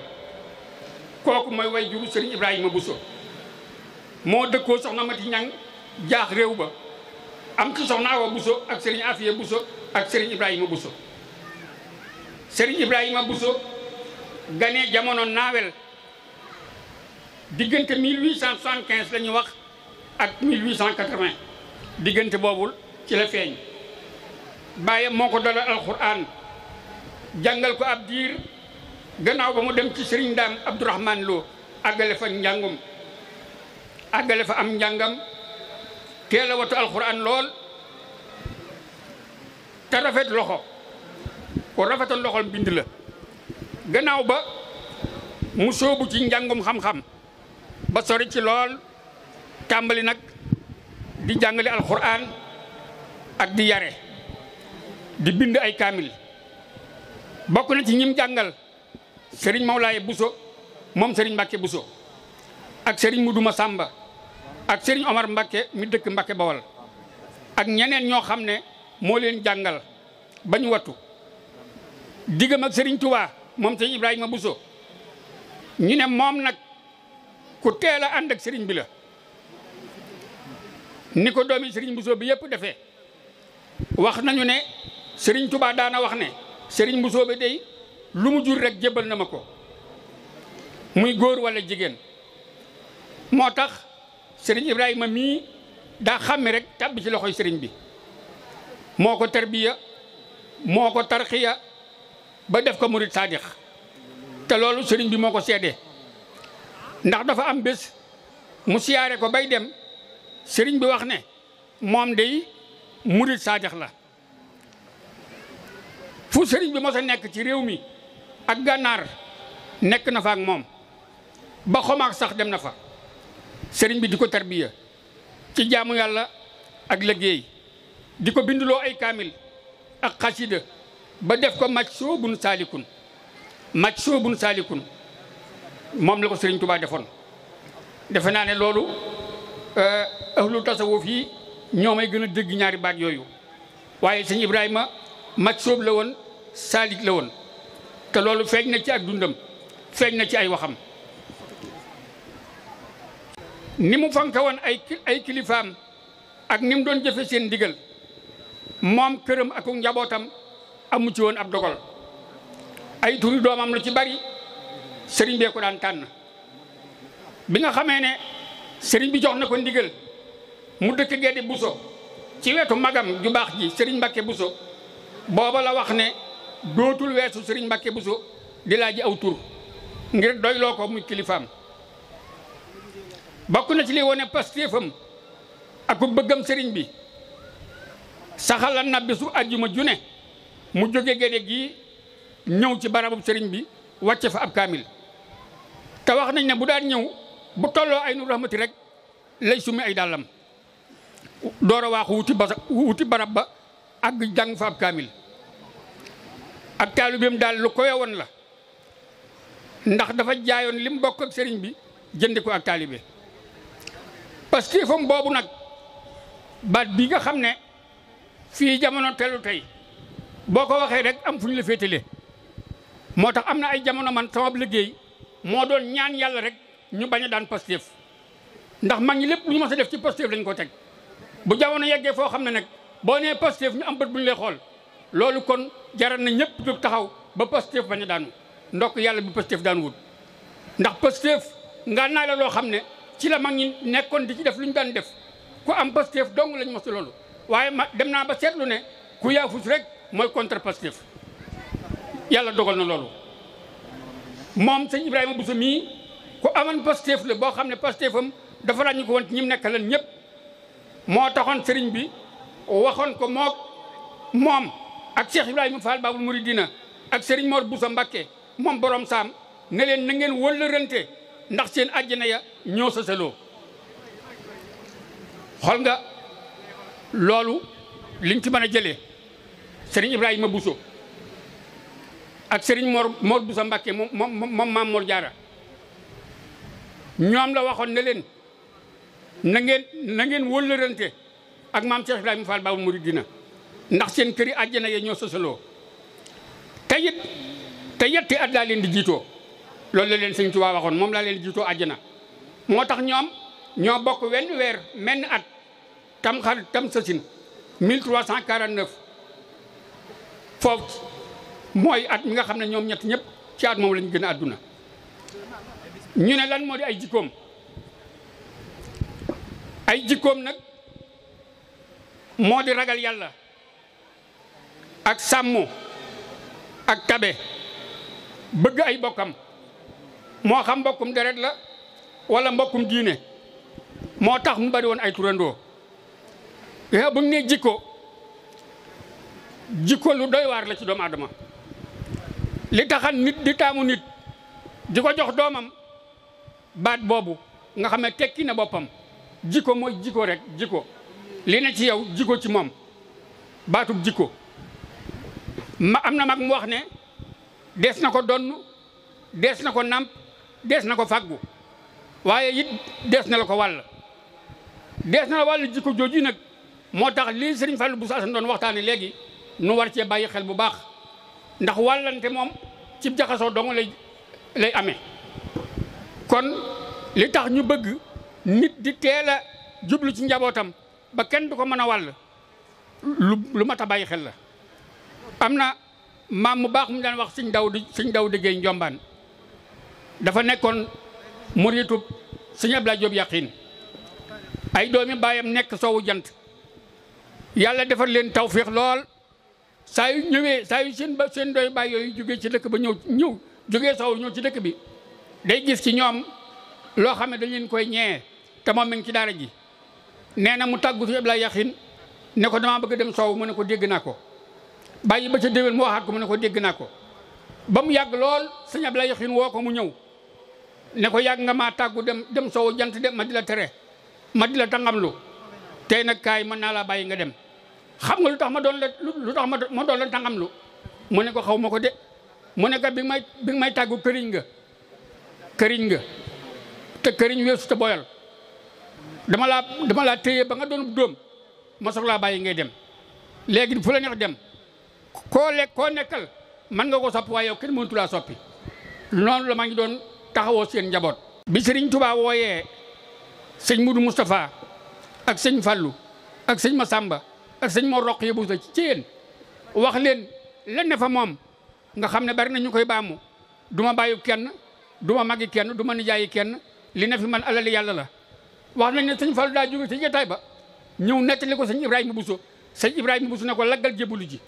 kooku mooy way juru sëriñ Ibrahima Bousso moo dëkkoo soxna Mati Ñang jaax réew ba am ci soxna Awa Bousso ak sëriñ Afiya Bousso ak sëriñ Ibrahima Bousso sëriñ Ibrahima Bousso gane jamono naawel diggante 1875 la ñu wax ak 1880 diggante boobul ci la feeñ bàyyam moo ko dalal alxuraan jàngal ko ab diir gannaaw ba mu dem ci sëriñ daam abdourahman loo àggale fa njàngum àggale fa am njàngam teel watu alxuraan lool te rafet loxo ko rafetoon loxol mbind la gannaaw ba mu sóobu ci njàngum xam-xam ba sori ci lool tàmbali nag di jàngale alxuraan ak di yare di bind ay kaamil bokk na ci ñim jàngal sëriñ Mawlaaye Buso moom sëriñ Mbàkke Buso ak sëriñ Muduma Sàmba ak sëriñ Omar Mbàkke mi dëkk Mbàkke Bawal ak ñeneen ñoo xam ne moo leen jàngal ba ñu wattu diggam ak sëriñ Tuubaa moom sëñ Ibrahima Bousso ñu ne moom nag ku teel a ànd ak sëriñ bi la ni ko doomi sëriñ Bousso bi yëpp defe wax nañu ne sëriñ Touba daana wax ne sëriñ Bousso bi day lu mu jur rek jébbal na ma ko muy góor wala jigéen moo tax sëriñ Ibrahima mii daa xàmme rek tàbbi ci loxoy sëriñ bi moo ko tarbiya moo ko tarxiya ba def ko murit saadix te loolu sëriñ bi moo ko seede ndax dafa am bés mu siyaare ko bay dem sëriñ bi wax ne moom day murit saadix la fu sëriñ bi mos a nekk ci réew mi ak gànnaar nekk na fa ak moom ba xomaak sax dem na fa sëriñ bi di ko tarbiya ci jaamu yàlla ak liggéey di ko binduloo ay kaamil ak xasida ba def ko majsuubun saalikun majsuubun saalikun moom la ko Sëriñ Tuubaa defoon defe naa ne loolu euh, ahlu tasawuf yi ñoo may gën a dégg ñaari baat yooyu waaye sëñ Ibrahima majsuub la woon saalik la woon te loolu feeñ na ci ak dundam feeñ na ci ay waxam ni mu fanke woon ay ay kilifaam ak ni mu doon jëfe seen ndigal moom këram ak njabootam amu ci woon ab dogal ay turi doomam lu ci bari sëriñ bee ko daan tànn bi nga xamee ne sëriñ bi jox na ko ndigal mu dëkk Guédé Bousso ci wetu magam ju baax ji sëriñ Mbacke Bousso booba la wax ne dootul weesu sëriñ Mbacke Bousso di laaj ji aw tur ngir doyloo ko muy kilifaam bokk na ci li wone pastéefam ak ku bëggam sëriñ bi saxalan na bisu àjjuma ju ne mu jóge gédé gi ñëw ci barabub sëriñ bi wàcce fa ab kaamil te wax nañ ne bu daan ñëw bu tolloo ay nu rahmati rek lay summi ay dàllam door a wuti barab ba ak jàng fa ab kaamil ak taalibeem daal lu koy woon la ndax dafa jaayoon li mu bokk ak sëriñ bi jënd ko ak taalibe parce que fam boobu nag baat bi nga xam ne fii jamono tellu tey boo ko waxee rek am fu ñu la féetale moo tax am na ay jamono man sama liggéey moo doon ñaan yàlla rek ñu bañ a daan Pastef ndax mag ñi lépp lu ñu mës a def ci Pastef lañ ko teg bu jamono yeggee foo xam ne nag boo nee Pastef ñu am bët bu lay xool loolu kon jaral na ñëpp jóg taxaw ba Pastef bañ a daanu ndokk yàlla bi Pastef daan wut ndax Pastef nga naa la loo xam ne ci la mag ñi nekkoon di ci def lu ñu daan def ku am Pastef dong lañ mës a waaye ma dem naa ba seetlu ne ku yaafus rek mooy contre Pastef yàlla dogal na loolu moom sëñ Ibrahima Bousso mii ko amoon Pastef la boo xam ne Pastefam dafa ràññi ko woon ci ñim nekk lan ñëpp moo taxoon sëriñ bi waxoon ko mook moom ak Cheikh Ibrahima Fall Babul Mouridina ak sëriñ Mor Bousso mbakke moom boroom saam ne leen na ngeen wëllërante ndax seen àjjana ya sa sasaloo xool nga loolu liñ ci mën a jëlee sëriñ Ibrahima Bousso ak sëriñ Mor Mor Bousso Mbacke moom moom maam Mor Diarra ñoom la waxoon ne leen na ngeen na ngeen wëllërante ak maam Cheikh Ibrahima Fall Baabul Muridiina ndax seen këri àjjana ya ñoo sosaloo te it te yetti at laa leen di jiitoo loolu la leen sëñ Tuubaa waxoon moom laa leen di jiitoo àjjana moo tax ñoom ñoo bokk wenn weer menn at tam xar tam sësin 1349 foofu mooy at mi nga xam ne ñoom ñett ñëpp ci at moom lañu gën a àdduna ñu ne lan moo di ay jikkoom ay jikkoom nag moo di ragal yàlla ak sàmm ak tabe bëgg ay bokkam moo xam mbokkum deret la wala mbokkum diine moo tax mu bari woon ay turandoo eh, bu ne jikko jikko lu doy waar la ci doomu aadama li taxan nit di taamu nit di ko jox doomam baat boobu nga xam ne tekki na boppam jikko mooy jikko rek jikko li ne ci yow jikko ci moom baatub jikko ma am na mag mu wax ne dees na ko donn dees na ko nàmp dees na ko faggu waaye it dees na la ko wàll dees na la wàll jikko jooju nag moo tax lii Sëriñ fal bu saasan doon waxtaane léegi nu war cee bàyyi xel bu baax ndax wàllante moom ci jaxasoo dong lay lay amee kon li tax ñu bëgg nit di teel jublu ci njabootam ba kenn du ko mën a wàll lu lu mat a bàyyi xel la am na maam mu baax mu daan wax suñ daw di suñ daw diggéey njombaan dafa nekkoon muritub suñu Abdoulaye Diop Yakhine ay doomi baayam nekk soowu jant yàlla defar leen tawféex lool saa yu ñëwee saa yu seen ba seen doy baay yooyu jógee ci dëkk ba ñëw ñëw jógee sow ñëw ci dëkk bi day gis ci ñoom loo xam ne dañ leen koy ñee te moom mi ngi ci daara ji nee na mu tàggu fi Ablaye Yaxin ne ko damaa bëgg dem sow mu ne ko dégg naa ko bàyyi ba ca déwén mu waxaat ko mu ne ko dégg naa ko ba mu yàgg lool sëñ Ablaye Yaxin woo ko mu ñëw ne ko yàgg nga maa tàggu dem dem sow jant dem ma di la tere ma di la tàngamlu tey nag kaay mën naa laa bàyyi nga dem xam nga lu tax ma doon la lu tax ma doon la tàngam lu mu ne ko xaw ma ko de mu ne bi may bi may tàggu këriñ nga këriñ nga te këriñ weesu te boyal dama laa dama laa téye ba nga doon dóom ma soog bàyyi ngay dem léegi fu la neex dem koo lekk koo nekkal mën nga ko soppi waaye yow kenn mënatu laa soppi noonu la ma ngi doon taxawoo seen njaboot. bi sëriñ Tuubaa wooyee sëñ du mustafaa ak sëñ Fallou ak sëñ ma Massamba ak sëñ moo roq yëbu sa ci yéen wax leen lan ne fa moom nga xam ne bari na ñu koy baamu du ma bàyyi kenn du ma magi kenn du ma nijaayi kenn li ne fi man alali yàlla la wax nañ ne sëñ Fallou daa jóge ci jotaay ba ñëw nettali ko sëñ Ibrahima Bousso sëñ Ibrahima Bousso ne ko laggal jébbalu ji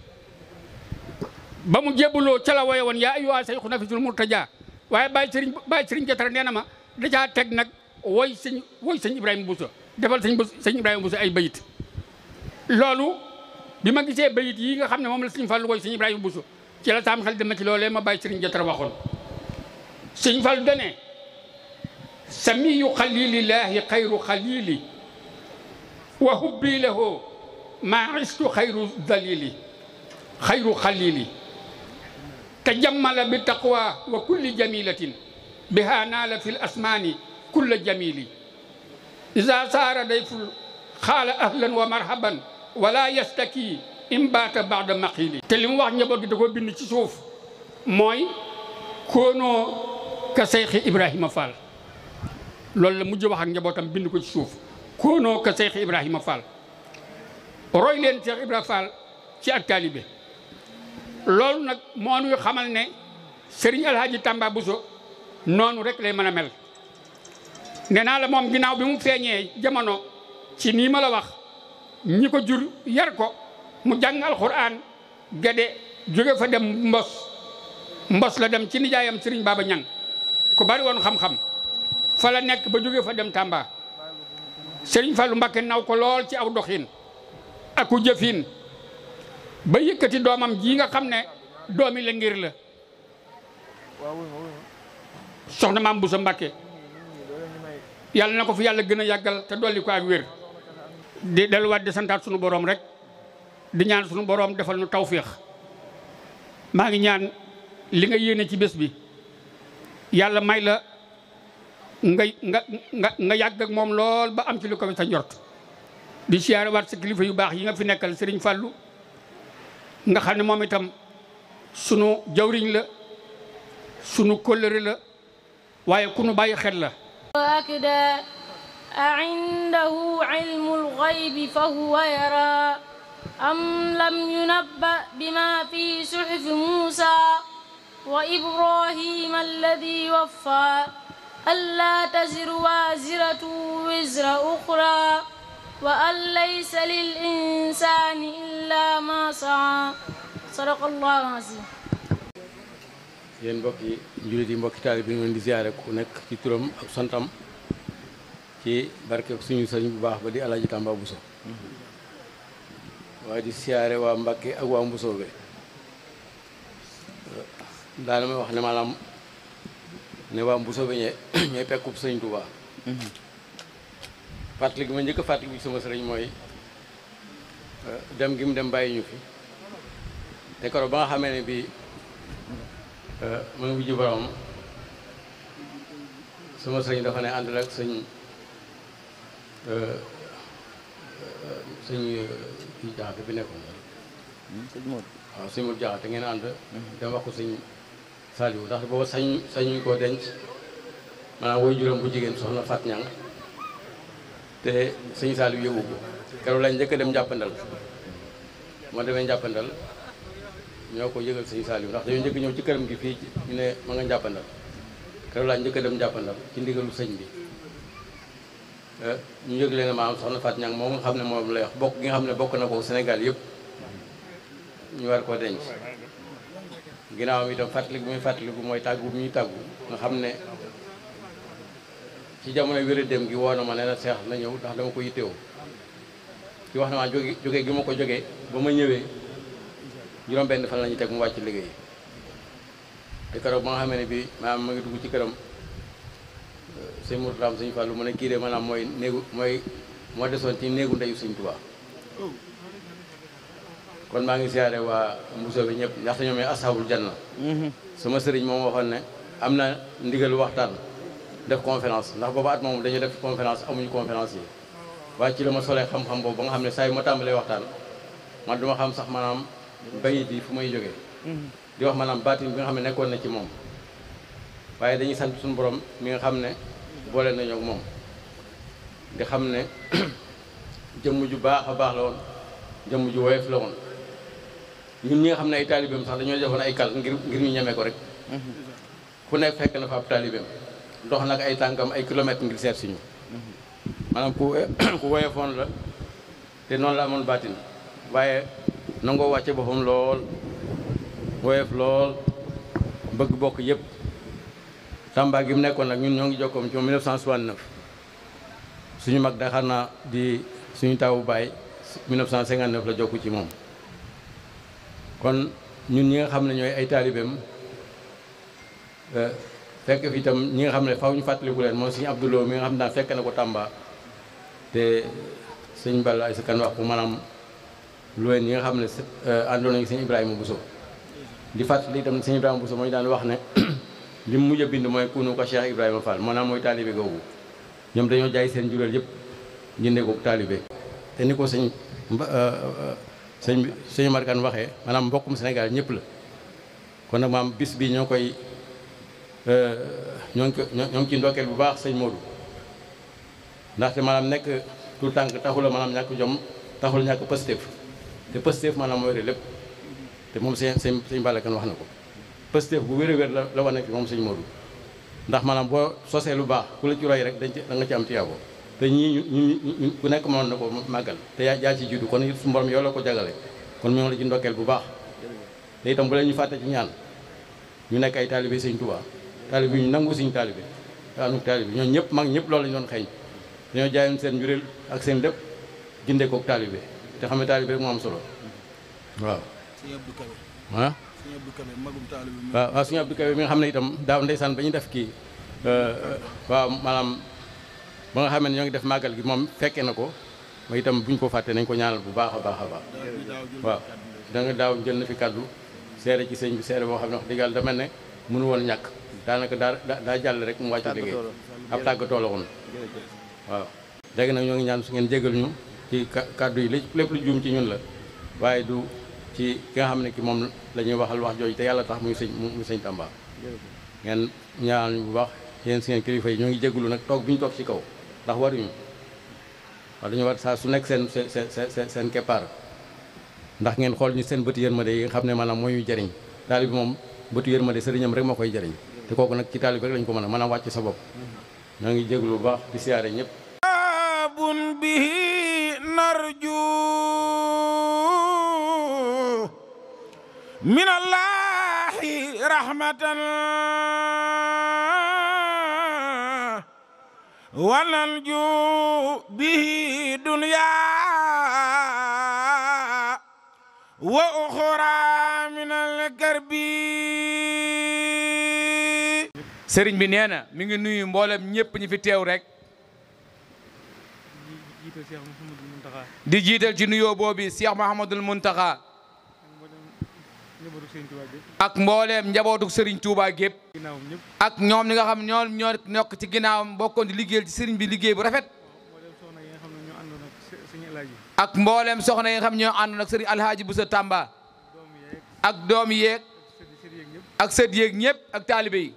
ba mu jébbaloo ca la woye woon yaa ayyuhaa sayxunaa fi sul murtajaa waaye bàyyi sëriñ bàyyi sëriñ jotara nee na ma da caa teg nag woy sëñ woy sëñ Ibrahima Bousso defal sëñ sëñ Ibrahima Bousso ay bayit loolu bi ma gisee bayit yi nga xam ne moom la sëñ Fallou woy sëñ Ibrahima Bousso ci la saam xel dama ci loolee ma bàyyi sëriñ Jatra waxoon sëñ Fallou dane samiyu xalilillahi xayru wa hubbi lahu ma istu xayru dalili xayru xalili tajammala bi taqwa wa kulli jamilatin biha naala fi l asmaani kulla jamili iza saara dayful xaala ahlan wa marhaban wala yastaki imbaata baada maqili te li mu wax njaboot gi da ko bind ci suuf mooy koonoo ka seyxi Ibrahima Fall loolu la mujj wax njabootam bind ko ci suuf koonoo ka seyxi Ibrahima Fall roy leen Seex Ibrahima Fall ci ak taalibe loolu nag moo nuy xamal ne Serigne El Hadji noonu rek lay mën a mel nee la moom ginnaaw bi mu feeñee jamono ci nii ma la wax ñi ko jur yar ko mu jàng alxuraan gade jóge fa dem mbos mbos la dem ci nijaayam Serigne Baba Ñang ko bari woon xam-xam fa la nekk ba jóge fa dem Tamba Serigne Fallou Mbacké naw ko lool ci aw doxin ak ku jëfin ba yëkkati doomam ji nga xam ne doomi la ngir la soxna maam Boussa Mbacké yàlla na ko fi yàlla gën a yàggal te dolli ko ak wér di delluwaat de santaat sunu boroom rek di ñaan sunu boroom defal nu tawféex maa ngi ñaan li nga yéene ci bés bi yàlla may la nga nga nga yàgg ak moom lool ba am ci lu ko sa njort di siyaarewaat sa kilifa yu baax yi nga fi nekkal Sëriñ Fàllu nga xam ne moom itam sunu jawriñ la sunu kóllëre la waaye ku nu bàyyi xel la أعنده علم الغيب فهو يرى أم لم ينبأ بما في صحف موسى وإبراهيم الذي وفى ألا تزر وازرة وزر أخرى وأن ليس للإنسان إلا ما سعى صدق الله العظيم yéen mbokk yi jullit yi mbokki taalibe bi ñu leen di ziyaare ku nekk ci turam ak santam ci barke suñu sëñ bu baax ba di alaaji Tamba Bousso waaye di siyaare waa Mbàkke ak waa Mbuso be daana may wax ne malam ne waa Mbuso be ñooy pekkub sëñ Tuubaa fàttali gi ma njëkk a fàttali sama sëriñ mooy euh, dem gi mu dem bàyyi ñu fi te koro ba nga xamee ne bii euh, mu ngi wujju borom sama sëriñ dafa ne àndal ak sëñ Euh, euh, sëñ kii euh, jaxate bi nekkoon hmm, sëñ Modou waaw sëñ Modou jaxate ngeen ànd hmm. dama wax ko sëñ Saliou ndax booba sañ sañuñ koo denc maanaam woy juróom bu jigéen soxna Fat Ñang te sëñ Saliou yëgu ko keroog lañ njëkk dem jàppandal ma demee jàppandal ñoo ko yëgal sëñ Saliou ndax dañoo njëkk ñëw ci këram gi fii ñu ne ma nga jàppandal keroog laa njëkk dem jàppandal ci ndigalu sëñ bi ñu yëg leen maanaam soxna Fatou Niang moom nga xam ne moom lay wax bokk gi nga xam ne bokk na ko Sénégal yëpp ñu war koo denc ginnaawam itam fàttaliku bi muy fàttaliku mooy tàggu bi ñuy tàggu nga xam ne jamono wéra dem gi woo na ma ne na na ñëw ndax dama ko yittewoo wax na ma jóge jóge gi ma ko joge ba ma ñëwee juróom benn fan la teg mu wàcc liggéey te keroog ba nga xam ne bi maanaam ma ngi dugg ci këram sëñ Mourtalaam sëñ Fallou mu ne kii de mooy néegu mooy moo desoon ci néegu ndeyu suñ Tuubaa kon maa ngi siyaare waa Mbuso bi ñëpp ndax ñoom ñooy ashabul janna mhm. sama sëriñ moom waxoon ne am na ndigalu waxtaan def conférence ndax boobu at moom dañu def conference amuñu conférence yi waaye ci la ma solee xam-xam boobu ba nga xam ne saa yu ma tàmbalee waxtaan man duma xam sax maanaam bayit yi fu may jógee mhm. di wax maanaam baatin bi nga xam ne nekkoon na ci moom boole na ak moom di xam ne jëmm ju baax a baax la woon jëmm ju woyof la woon ñun ñi nga xam ne ay taalibeem sax dañoo defoon ay kal ngir ngir ñu ñeme ko rek fu mm-hmm. nekk fekk na fa ab taalibeem dox nag ay tànkam ay kilomètres ngir seet si ñu mm-hmm. maanaam ku ku woyofoon la te noonu la amoon baatin waaye nangoo wàcce boppam lool woyof lool bëgg bokk yëpp Tamba gi mu nekkoon nag ñun ñoo ngi jokkoom ci moom 1969 suñu mag da naa di suñu tawu baay 1959 la jokku ci moom kon ñun ñi nga xam ne ñooy ay taalibeem euh, fekk fi itam ñi nga xam ne faw ñu fàttaliku leen mooy suñu Abdouloo mi nga xam ne fekk na ko Tamba te sëñ Balla ay sa kan wax ko maanaam luween ñi nga xam ne euh, àndoon nañu sëñ Ibrahima Bousso di fàttali itam sëñ Ibrahima Bousso mooy daan wax ne li mu mujj bind mooy kunu ko a Ibrahima Fall maanaam mooy taalibe googu ñoom dañoo jaay seen jureel yëpp jëndee ko taalibe te ni ko sëñ euh, euh, sëñ sëñ Markan waxee maanaam mbokkum Sénégal ñëpp la kon nag maam bis bi ñoo koy euh, ñoo ngi ko ñoo ngi ci ndokkeel bu baax sëñ Modou ndaxte maanaam nekk tout tànk taxula maanaam ñàkk jom taxul ñàkk pësteef te pësteef maanaam mooy lépp te moom sëñ sëñ Balakan wax na ko pësteef bu wér a wér la wane fi moom sëñ Modou ndax maanaam boo sosee lu baax ku la ci roy rek dañ ci da nga ci am tiyaabo te ñii ñu ñu ku nekk mënoon na ko màggal te yaa yaa ci juddu kon su mborom yow la ko jagale kon ñoom la ci ndokkeel bu baax te itam bu leen ñu fàtte ci ñaan ñu nekk ay taalibe sëñ Touba taalibe ñu nangu suñu taalibe te am taalibe ñoom ñëpp mag ñëpp loolu lañu doon xeeñ dañoo jaayoon seen njuréel ak seen lépp jëndee koog taalibe te xam ne taalibe rek waaw waaw suñu Abdou Kabe mi nga xam ne itam daaw ndeysaan ba ñu def kii euh, waaw maanaam ba nga xam ne ñoo ngi def màggal gi moom fekkee na ko ba itam buñ ko fàttee nañ ko ñaanal bu baax a baax a baax waaw da daaw jël na fi kàddu seere ci sëñ bi seere boo xam ne wax dëgg yàlla dama ne mënu woon ñàkk daanaka daa daa jàll rek mu wàccu liggéey ab tàggatoo la woon waaw léegi nag ñoo ngi ñaan su ngeen jégal ñu ci kàddu yi lépp lu juum ci ñun la waaye du ci ki xam ne ki moom la ñuy waxal wax jooju te yàlla tax muy sëñ muy sëñ Tamba ngeen ñaan bu baax yéen si ngeen kilifa yi ñoo ngi jégalu nag toog bi ñu toog ci kaw ndax waruñu wax dañu war saa su nekk seen seen seen seen keppaar ndax ngeen xool ñu seen bëti yërmande yi nga xam ne maanaam mooy jëriñ jariñ bi moom bëti yërmande sëriñam rek moo koy jëriñ te kooku nag ci taalib rek lañ ko mën a maanaam wàcc sa bopp ñoo ngi jégalu bu baax di siyaare ñëpp minallahi rahmatan wa nanju bihi dunya wa uxra minal karbi sëriñ bi nee na mi ngi nuyu mboolem ñëpp ñi fi teew rek di jiital ci nuyoo boobi Cheikh Mouhamadul Mountakha ak mbooleem njabootuk Serigne Touba gépp ak ñoom ñi nga xam ñoo ñoo nekk ci ginnaawam bokkoon di liggéeyal ci Serigne bi liggéey bu rafet. ak mbooleem soxna yi nga xam ñoo àndoon ak Serigne Alhaji Boussa Tamba. ak doom yeeg. ak sët yeeg ñëpp ak taalibe yi.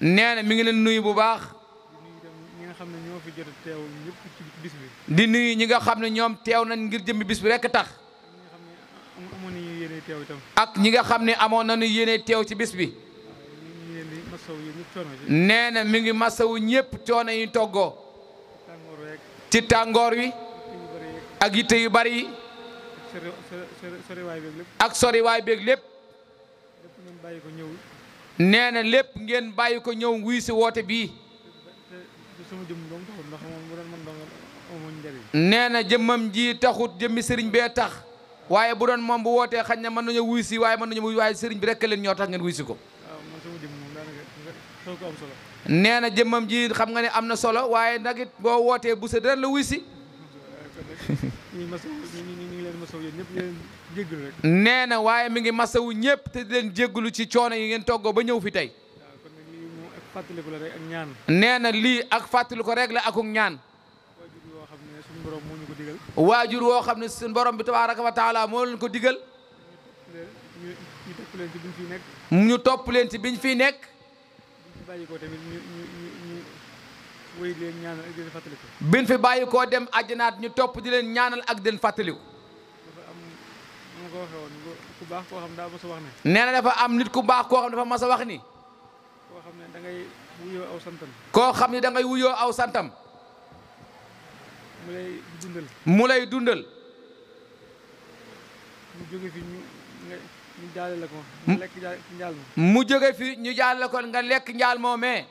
nee na mi ngi leen nuyu bu baax. di nuyu ñi nga xam ne ñoom teew nañ ngir jëmmi bis bi rek tax. ak ñi nga xam ne amoon nañu yéene teew ci bis bi nee na mi ngi masawu ñëpp coono yi toggoo ci tàngoor wi ak yitte yu bari yi ak soriwaay beeg lépp nee na lépp ngeen bàyyi ko ñëw wuy si woote bii nee na jëmmam ji taxut jëmmi sëriñ bee tax waaye bu doon moom bu wootee xañ na mën nañu wuy si waaye mën nañu wuy waaye sëriñ bi rek leen ñoo tax ngeen wuy si ko nee na jëmmam ji xam nga ne am na solo waaye nag boo wootee bu sa daan wuy si nee na waaye mi ngi masawu ñëpp te leen jéggalu ci coono yi ngeen toggoo ba ñëw fi tey nee na lii ak fàttali ko rek la akuk ñaan waajur woo xam ne seen borom bi tabaaraka wa taala moo leen ko digal. ñu topp leen ci biñ fiy nekk. biñ fi bàyyi koo dem àjjanaat ñu topp di leen ñaanal ak den fàttaliku. nee na dafa am nit ku baax koo xam ne dafa mas a wax ni. koo xam ne dangay ngay wuyoo aw santam. koo xam ne da wuyoo aw santam. mu lay dundal. mu lay dundal. mu jóge fi ñu jaale la ko nga lekk njaal moom. mu jóge fi ñu jaale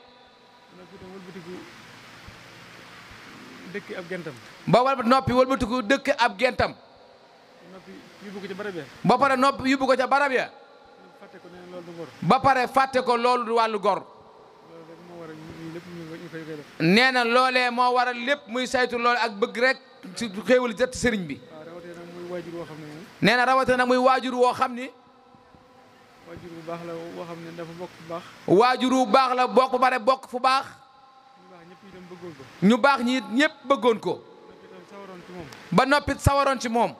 dëkk ab gentam. ba wal noppi wëlbatiku dëkk ab gentam. noppi yóbbu ko ca barab ya. ba pare noppi yóbbu ko ca barab ya. ba pare fàtte ko loolu du wàllu gor. nee na loolee moo waral lépp muy saytu lool ak bëgg rek ci xéewal jot sëriñ bi. nee na rawatina nag muy waajur woo xam ni. waajur bu baax la xam ne dafa bokk fu waajur bu baax la bokk ba bokk fu baax. ñu baax ñi ñëpp bëggoon ko. ba noppit sawaroon ci moom.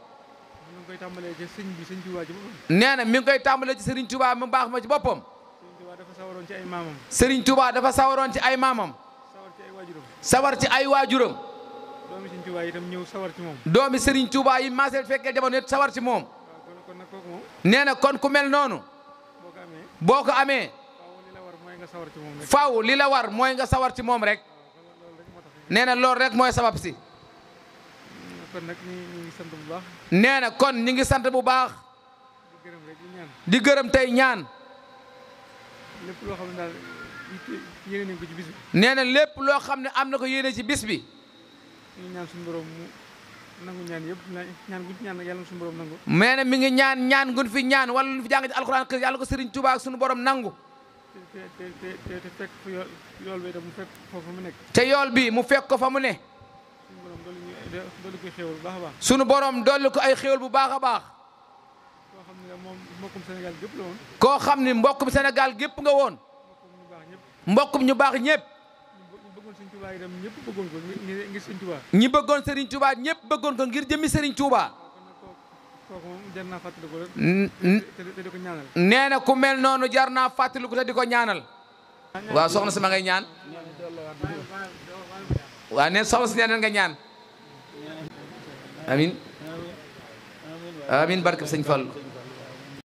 nee na mi ngi koy tàmbalee ci sëriñ Touba mu baax ma ci boppam. Serigne Touba dafa sawaroon ci ay maamam. sawar ci ay waajuram. doomi Serigne Touba yi itam ñëw sawar ci moom. doomi Serigne Touba yi maaseel fekkee jamono it sawar ci moom. nee na kon ku mel noonu. boo ko amee. faaw li la war mooy nga sawar ci moom rek. nee na loolu rek mooy sabab si. nee na kon ñi ngi sant bu baax. di gërëm tey ñaan. lépp loo xam ne daal yéene ko nee na lépp loo xam ne am na ko yéene ci bis bi. mi ngi ñaan suñu borom mu nangu ñaan yëpp ñaan gu ñaan yàlla suñu borom nangu. nee na mi ngi ñaan ñaan gun fi ñaan wala lu fi jàng alxuraan kër yàlla ko Serigne Touba ak suñu borom nangu. te yool bi mu fekk ko fa mu nekk. te yool bi mu fekk ko fa mu ne. sunu borom dolli ko ay xéwal bu baax a baax. koo xam ne mbokkum Sénégal koo xam ne mbokkum Sénégal gépp nga woon. mbokkum ñu baax ñëpp. ñi bëggoon Serigne Touba ñëpp bëggoon ko ngir jëmmi Serigne Touba. nee na ku mel noonu jar naa fàttaliku te di ko ñaanal. waaw soxna si ma ngay ñaan. waaw nee soxna si nee nga ñaan. amin amin barke Sëñ